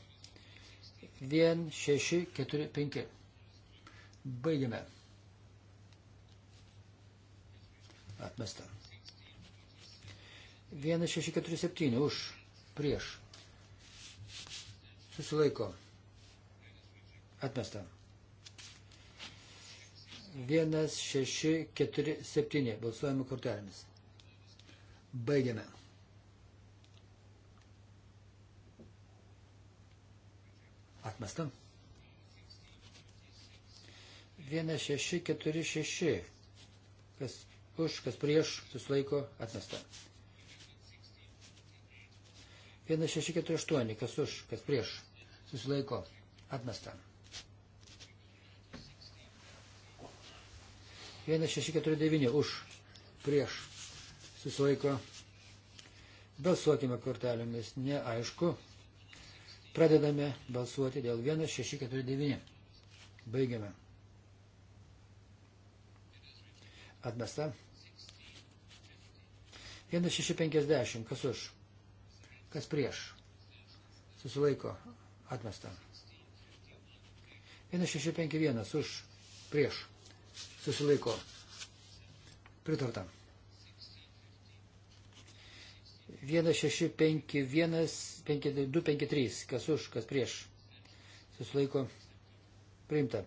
[SPEAKER 1] 1, 6, 4, 5. Baigiame. Atmesta. 1, 6, 4, 7. Už. Prieš. Susilaiko. Atmesta. 1, 6, 4, 7. Balsuojame kortelėmis. Baigiame. Atmesta. 1646. Kas už, kas prieš, susilaiko, atmesta. 1648. Kas už, kas prieš, susilaiko, atmesta. 1649. Už, prieš, susilaiko. Balsuokime kortelėmis, neaišku. Pradedame balsuoti dėl 1649. Baigiame. Atmesta. 1650. Kas už? Kas prieš? Susilaiko. Atmesta. 1651. Už. Prieš. Susilaiko. Pritarta. 1651, 5253, kas už, kas prieš. Susilaiko priimta.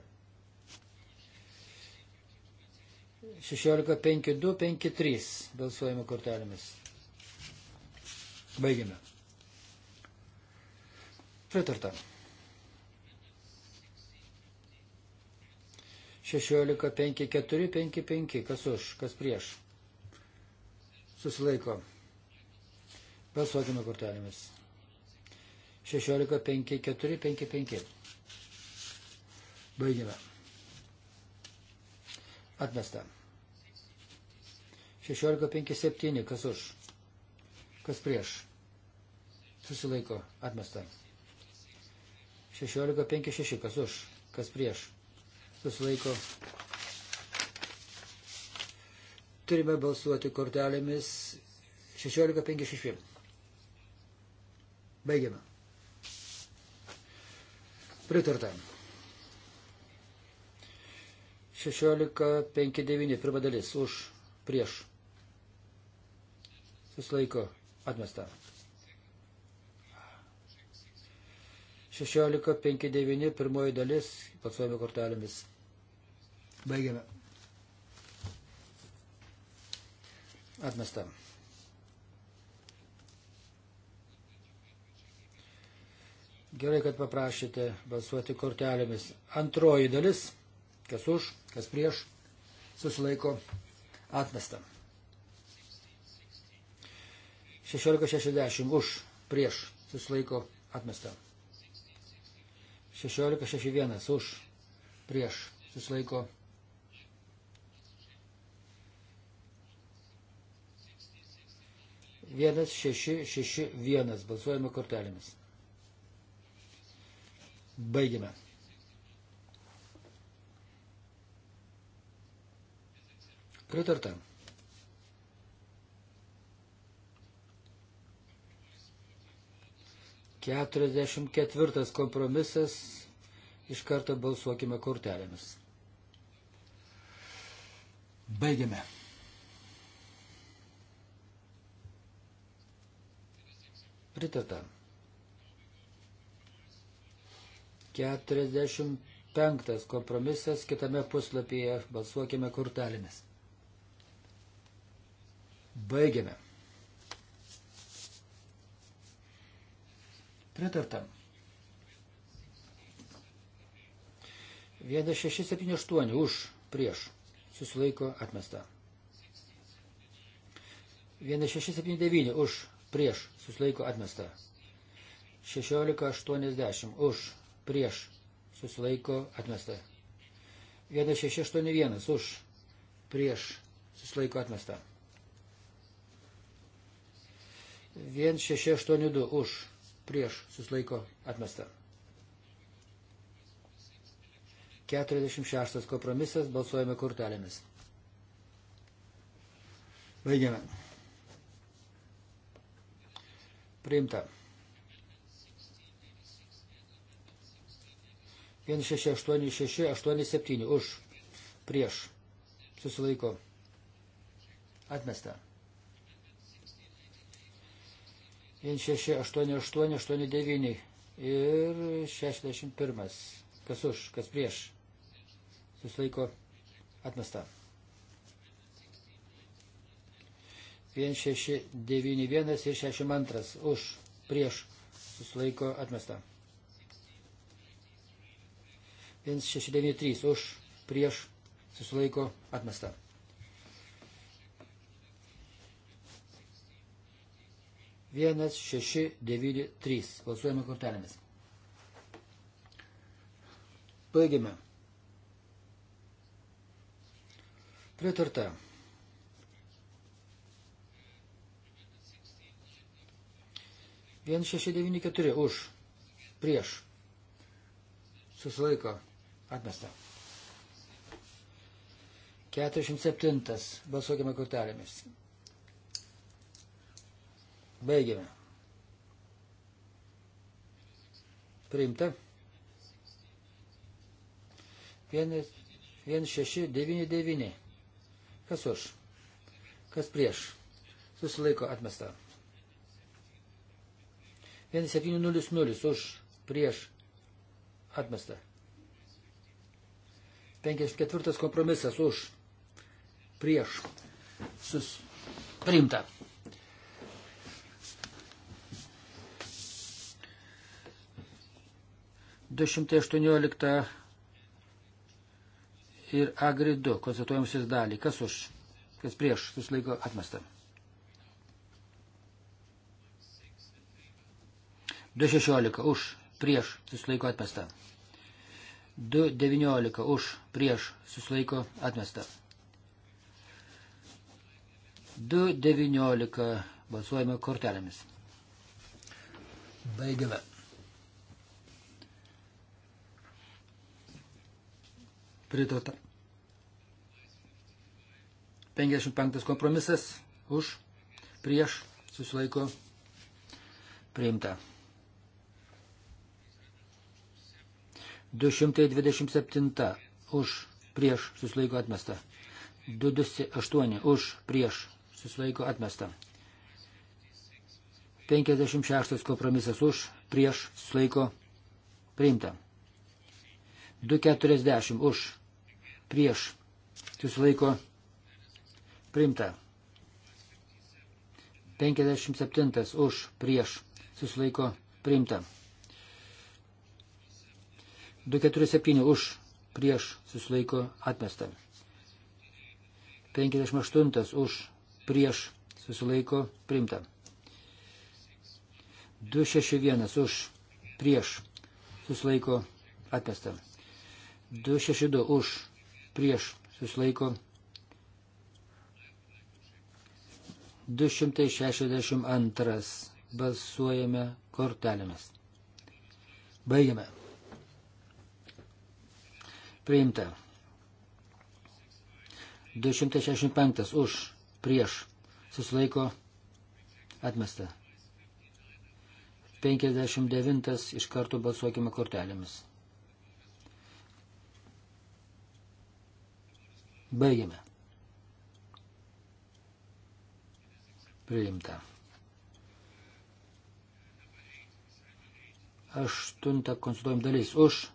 [SPEAKER 1] 16.52.53 balsuojame kortelėmis. Baigime. Pritarta. 16.54.55. Kas už, kas prieš? Susilaiko. Balsuokime kortelėmis. 16, 5, 4, 5, 5. Baigime. Atmesta. 16, 5, 7. Kas už? Kas prieš? Susilaiko. Atmesta. 16, 5, 6. Kas už? Kas prieš? Susilaiko. Turime balsuoti kortelėmis 16, 5, 6. Baigiame. Pritarta. 16.59. Pirma dalis. Už. Prieš. Suslaiko. Atmesta. 16.59. Pirmoji dalis. Patsuojame kortelėmis. Baigiame. Atmesta. Gerai, kad paprašėte balsuoti kortelėmis. Antroji dalis, kas už, kas prieš, susilaiko atmesta. 16.60 už, prieš, susilaiko atmesta. 16.61 už, prieš, susilaiko atmesta. 1661 balsuojame kortelėmis. Baigime. Pritarta. Keturiasdešimt ketvirtas kompromisas. Iš karto balsuokime kortelėmis. Baigiame. Pritarta. 45 kompromisas kitame puslapyje. Balsuokime kortelėmis. Baigiame. Pritartam. 1678 už prieš. Susilaiko atmesta. 1679 už prieš. Susilaiko atmesta. 1680 už prieš, susilaiko atmesta. 1681 už, prieš, susilaiko atmesta. 1682 už, prieš, susilaiko atmesta. 46 kompromisas balsuojame kortelėmis. Baigiame. Priimta. 1686, 87 už, prieš, susilaiko, atmesta. 1688, 89 ir 61, kas už, kas prieš, susilaiko, atmesta. 1691 ir 62 už, prieš, susilaiko, atmesta. 1692. 1693 už prieš susilaiko atmesta. Vienas, šeši, devyni, trys. Balsuojame kortelėmis. Baigime. Pritarta. Vien šeši, devyni, keturi. Už. Prieš. Susilaiko Atmesta. 47. Balsuokime kortelėmis. Baigiame. Priimta. 1699. Kas už? Kas prieš? Susilaiko atmesta. 1700 už prieš atmesta. 54 kompromisas už, prieš, sus, priimta. Du šimtai aštuonioliktą ir agri 2, konstatuojamusis dalį. Kas už, kas prieš, susilaiko atmesta. 2.16 už, prieš, susilaiko atmesta. 2.17 2.19 už prieš susilaiko atmesta. 2.19 balsuojame kortelėmis. Baigiame. Pritarta. 55 kompromisas už prieš susilaiko priimta. 227 už prieš susilaiko atmesta. 228 už prieš susilaiko atmesta. 56 kompromisas už prieš susilaiko priimta. 240 už prieš susilaiko priimta. 57 už prieš susilaiko priimta. 247 už prieš susilaiko atmesta. 58 už prieš susilaiko primta. 261 už prieš susilaiko atmesta. 262 už prieš susilaiko 262 balsuojame kortelėmis. Baigiame priimta. 265 už, prieš, susilaiko, atmesta. 59 iš karto balsuokime kortelėmis. Baigime. Priimta. Aštunta konsultuojam dalis. Už,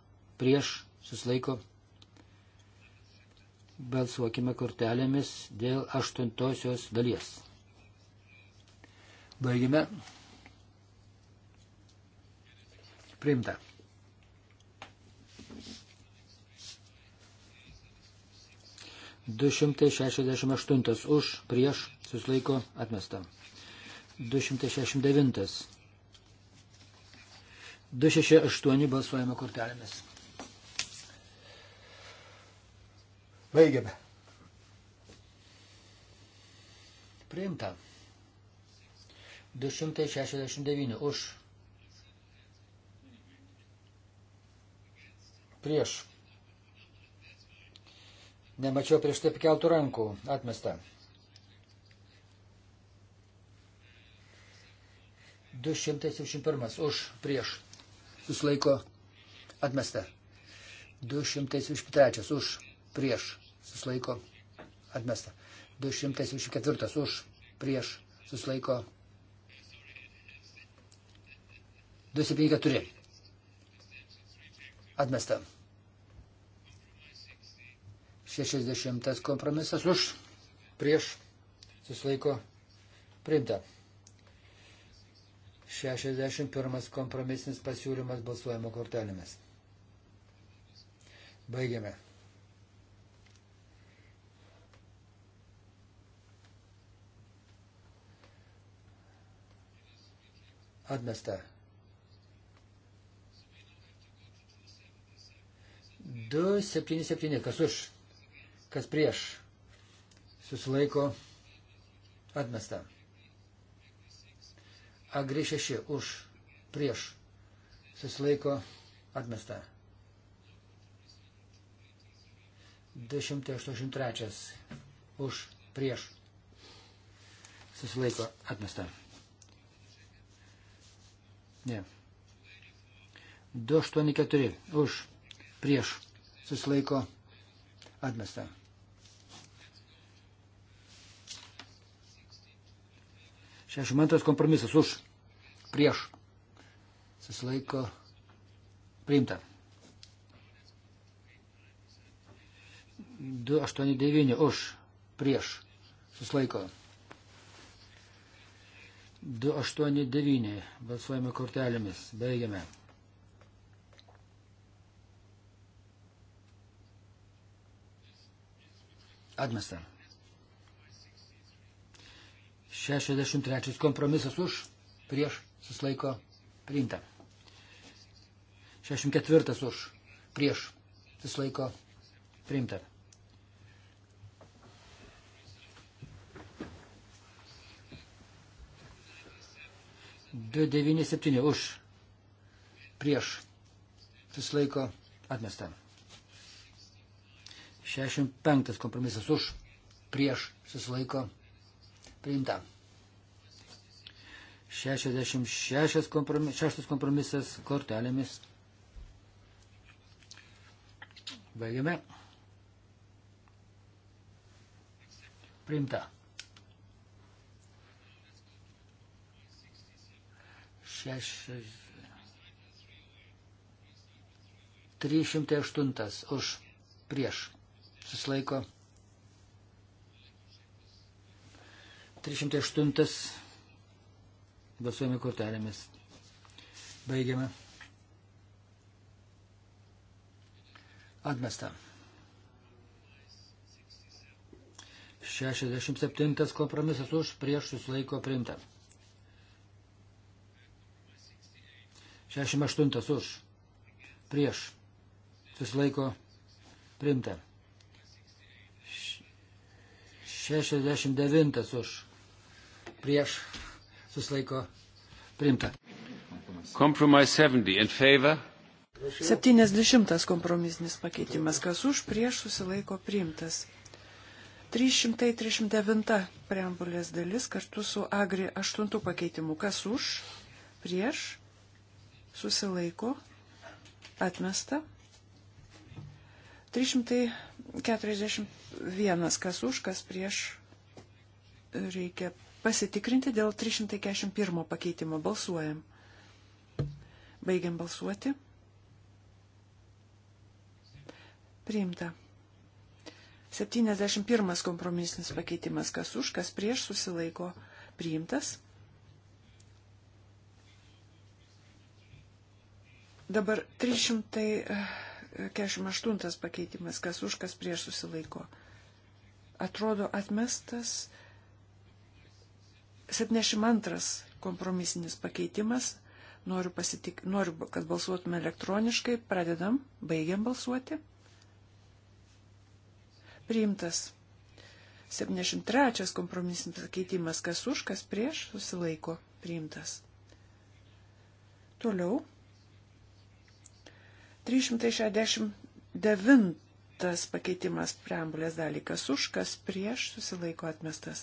[SPEAKER 1] prieš, susilaiko, atmesta Balsuokime kortelėmis dėl aštuntosios dalies. Baigime. Priimta. Du šimtai šešiasdešimt aštuntas už, prieš, susilaiko, atmesta. Du šimtai šešiasdešimt devintas. Du šeši aštuoni balsuojame kortelėmis. Baigiame. Priimta. 269 už. Prieš. Nemačiau prieš tai keltų rankų. Atmesta. 271 už. Prieš. Susilaiko. Atmesta. 273 už. Prieš susilaiko atmesta. 274 už prieš susilaiko 274 atmesta. 60 kompromisas už prieš susilaiko priimta. 61 kompromisinis pasiūlymas balsuojimo kortelėmis. Baigiame. Atmesta. 277. Kas už? Kas prieš? Susilaiko. Atmesta. Agri 6. Už. Prieš. Susilaiko. Atmesta. 283. Už. Prieš. Susilaiko. Atmesta. Ne. 284 už prieš susilaiko atmesta. 62 kompromisas už prieš susilaiko priimta. 289 už prieš susilaiko priimta. 289. Balsuojame kortelėmis. Baigiame. Atmesta. 63 kompromisas už, prieš, suslaiko, priimta. 64 už, prieš, suslaiko, priimta. 297 už prieš susilaiko atmesta. 65 kompromisas už prieš susilaiko priimta. 66 kompromisas, kompromisas kortelėmis. Baigiame. Priimta. Šešios. 308 už prieš. Susilaiko. 308 balsuojame kortelėmis. Baigiame. Atmesta. 67 kompromisas už prieš susilaiko primta. 68 už. Prieš. Susilaiko primta. 69 už.
[SPEAKER 3] Prieš. Susilaiko primta. Compromise 70 in favor. 70 kompromisinis pakeitimas, kas už prieš susilaiko priimtas. 339 preambulės dalis kartu su Agri 8 pakeitimu, kas už prieš susilaiko, atmesta. 341, kas už, kas prieš, reikia pasitikrinti dėl 341 pakeitimo. Balsuojam. Baigiam balsuoti. Priimta. 71 kompromisinis pakeitimas, kas už, kas prieš, susilaiko priimtas. Dabar 348 eh, pakeitimas, kas už, kas prieš susilaiko. Atrodo atmestas 72 kompromisinis pakeitimas. Noriu, pasitik, noriu, kad balsuotume elektroniškai. Pradedam, baigiam balsuoti. Priimtas 73 kompromisinis pakeitimas, kas už, kas prieš, susilaiko. Priimtas. Toliau 369 pakeitimas preambulės dalykas už, kas prieš susilaiko atmestas.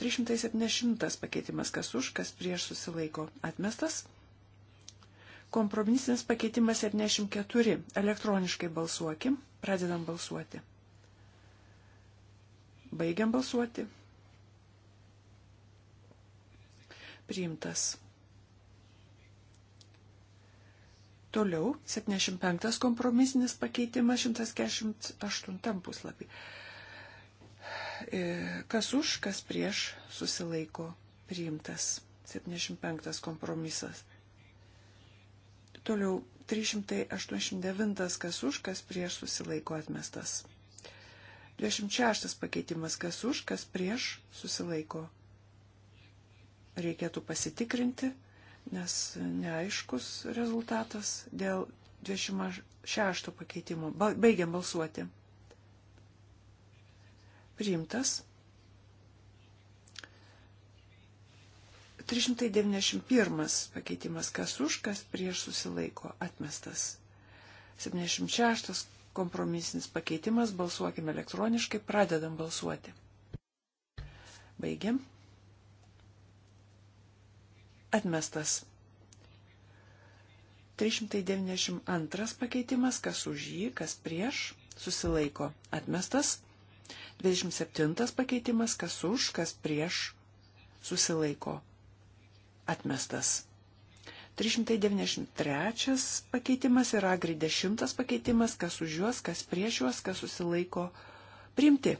[SPEAKER 3] 370 pakeitimas kas už, kas prieš susilaiko atmestas. Kompromisinis pakeitimas 74. Elektroniškai balsuokim. Pradedam balsuoti. Baigiam balsuoti. Priimtas. Toliau 75 kompromisinis pakeitimas 148 puslapį. E, kas už, kas prieš susilaiko priimtas 75 kompromisas. Toliau 389 kas už, kas prieš susilaiko atmestas. 26 pakeitimas kas už, kas prieš susilaiko. Reikėtų pasitikrinti nes neaiškus rezultatas dėl 26 pakeitimo. Baigiam balsuoti. Priimtas. 391 pakeitimas, kas už, kas prieš susilaiko, atmestas. 76 kompromisinis pakeitimas, balsuokime elektroniškai, pradedam balsuoti. Baigiam. Atmestas. 392 pakeitimas, kas už jį, kas prieš, susilaiko. Atmestas. 27 pakeitimas, kas už, kas prieš, susilaiko. Atmestas. 393 pakeitimas ir agri 10 pakeitimas, kas už juos, kas prieš juos, kas susilaiko priimti.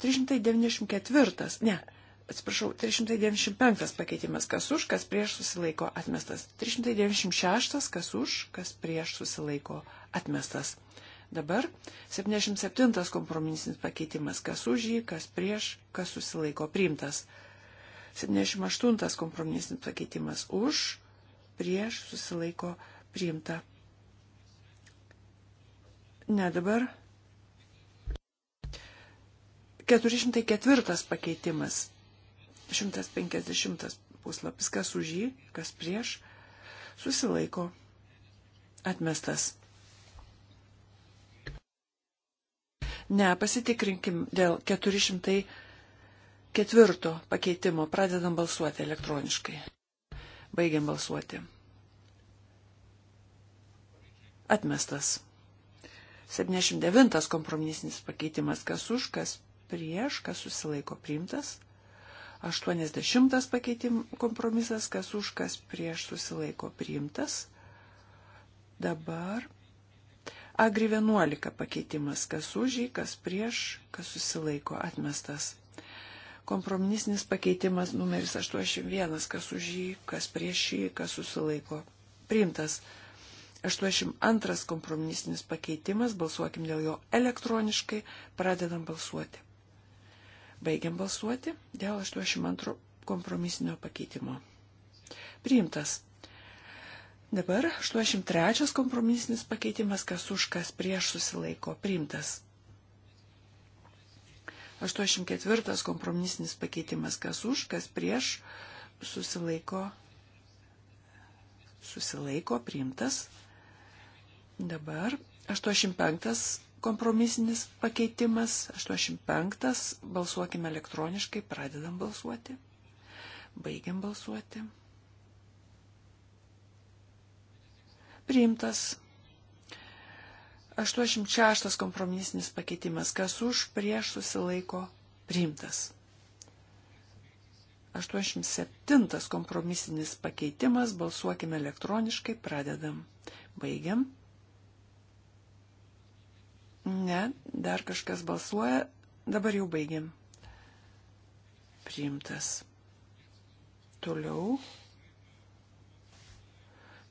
[SPEAKER 3] 394, ne, atsiprašau, 395 pakeitimas, kas už, kas prieš susilaiko atmestas. 396, kas už, kas prieš susilaiko atmestas. Dabar 77 kompromisinis pakeitimas, kas už jį, kas prieš, kas susilaiko priimtas. 78 kompromisinis pakeitimas už, prieš susilaiko priimta. Ne dabar. 404 pakeitimas 150 puslapis, kas už jį, kas prieš, susilaiko atmestas. Ne, pasitikrinkim dėl 404 pakeitimo. Pradedam balsuoti elektroniškai. Baigiam balsuoti. Atmestas. 79 kompromisinis pakeitimas, kas už, kas prieš, kas susilaiko priimtas. 80 pakeitim kompromisas, kas už, kas prieš susilaiko priimtas. Dabar Agri 11 pakeitimas, kas už jį, kas prieš, kas susilaiko atmestas. Kompromisinis pakeitimas numeris 81, kas už jį, kas prieš jį, kas susilaiko priimtas. 82 kompromisinis pakeitimas, balsuokim dėl jo elektroniškai, pradedam balsuoti. Baigiam balsuoti dėl 82 kompromisinio pakeitimo. Priimtas. Dabar 83 kompromisinis pakeitimas, kas už, kas prieš susilaiko. Priimtas. 84 kompromisinis pakeitimas, kas už, kas prieš susilaiko. Susilaiko. Priimtas. Dabar 85 kompromisinis pakeitimas, 85, balsuokime elektroniškai, pradedam balsuoti, baigiam balsuoti. Priimtas 86 kompromisinis pakeitimas, kas už prieš susilaiko priimtas. 87 kompromisinis pakeitimas, balsuokime elektroniškai, pradedam, baigiam. Ne, dar kažkas balsuoja. Dabar jau baigiam. Priimtas. Toliau.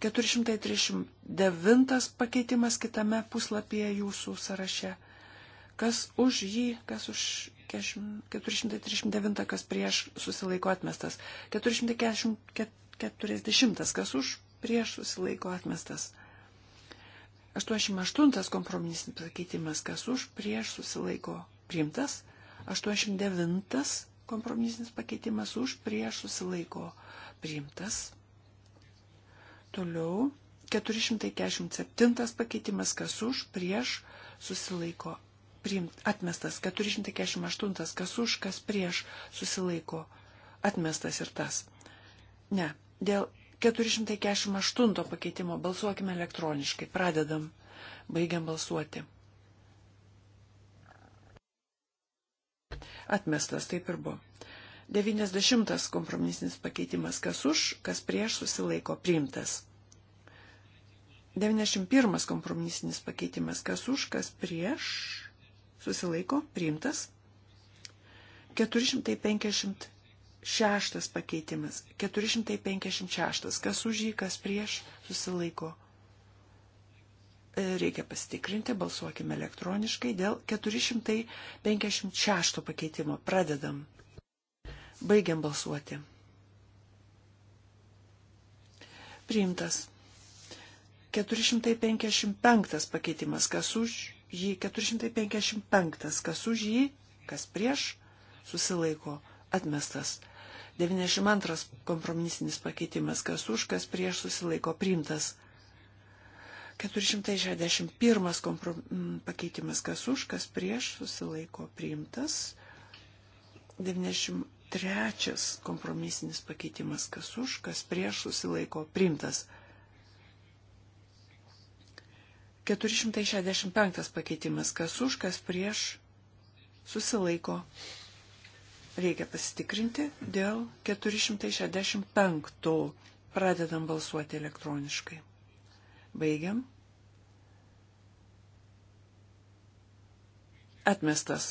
[SPEAKER 3] 439 pakeitimas kitame puslapyje jūsų sąraše. Kas už jį, kas už 439, kas prieš susilaiko atmestas. 440, kas už prieš susilaiko atmestas. 88 kompromisinis pakeitimas, kas už, prieš susilaiko priimtas. 89 kompromisinis pakeitimas už, prieš susilaiko priimtas. Toliau 447 pakeitimas, kas už, prieš susilaiko priimt, atmestas. 448 kas už, kas prieš susilaiko atmestas ir tas. Ne, dėl 448 pakeitimo balsuokime elektroniškai. Pradedam. Baigiam balsuoti. Atmestas taip ir buvo. 90 kompromisinis pakeitimas, kas už, kas prieš susilaiko priimtas. 91 kompromisinis pakeitimas, kas už, kas prieš susilaiko priimtas. 453 Šeštas pakeitimas. 456. Kas už jį, kas prieš, susilaiko. E, reikia pasitikrinti, balsuokime elektroniškai dėl 456 pakeitimo. Pradedam. Baigiam balsuoti. Priimtas. 455 pakeitimas. Kas už jį? 455. Kas už jį? Kas prieš? Susilaiko. Atmestas. 92 kompromisinis pakeitimas, kas už, kas prieš susilaiko priimtas. 461 komprom... pakeitimas, kas už, kas prieš susilaiko priimtas. 93 kompromisinis pakeitimas, kas už, kas prieš susilaiko priimtas. 465 pakeitimas, kas už, kas prieš susilaiko priimtas Reikia pasitikrinti dėl 465. Pradedam balsuoti elektroniškai. Baigiam. Atmestas.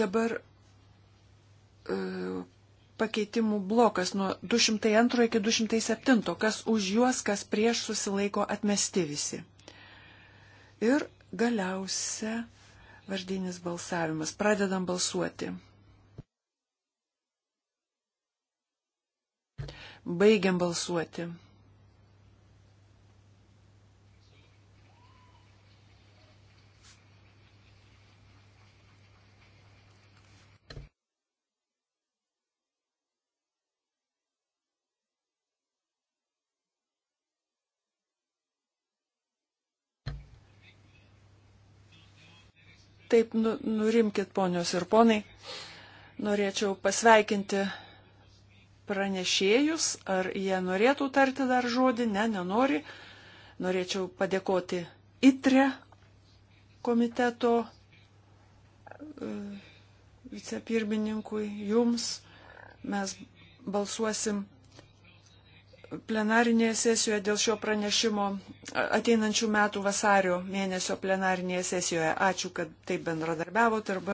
[SPEAKER 3] Dabar e, pakeitimų blokas nuo 202 iki 207, kas už juos, kas prieš susilaiko atmesti visi. Ir galiausia Vardinis balsavimas. Pradedam balsuoti. Baigiam balsuoti. taip nu, nurimkit, ponios ir ponai. Norėčiau pasveikinti pranešėjus, ar jie norėtų tarti dar žodį, ne, nenori. Norėčiau padėkoti ITRE komiteto e, vicepirmininkui, jums. Mes balsuosim plenarinėje sesijoje dėl šio pranešimo ateinančių metų vasario mėnesio plenarinėje sesijoje. Ačiū, kad taip bendradarbiavote.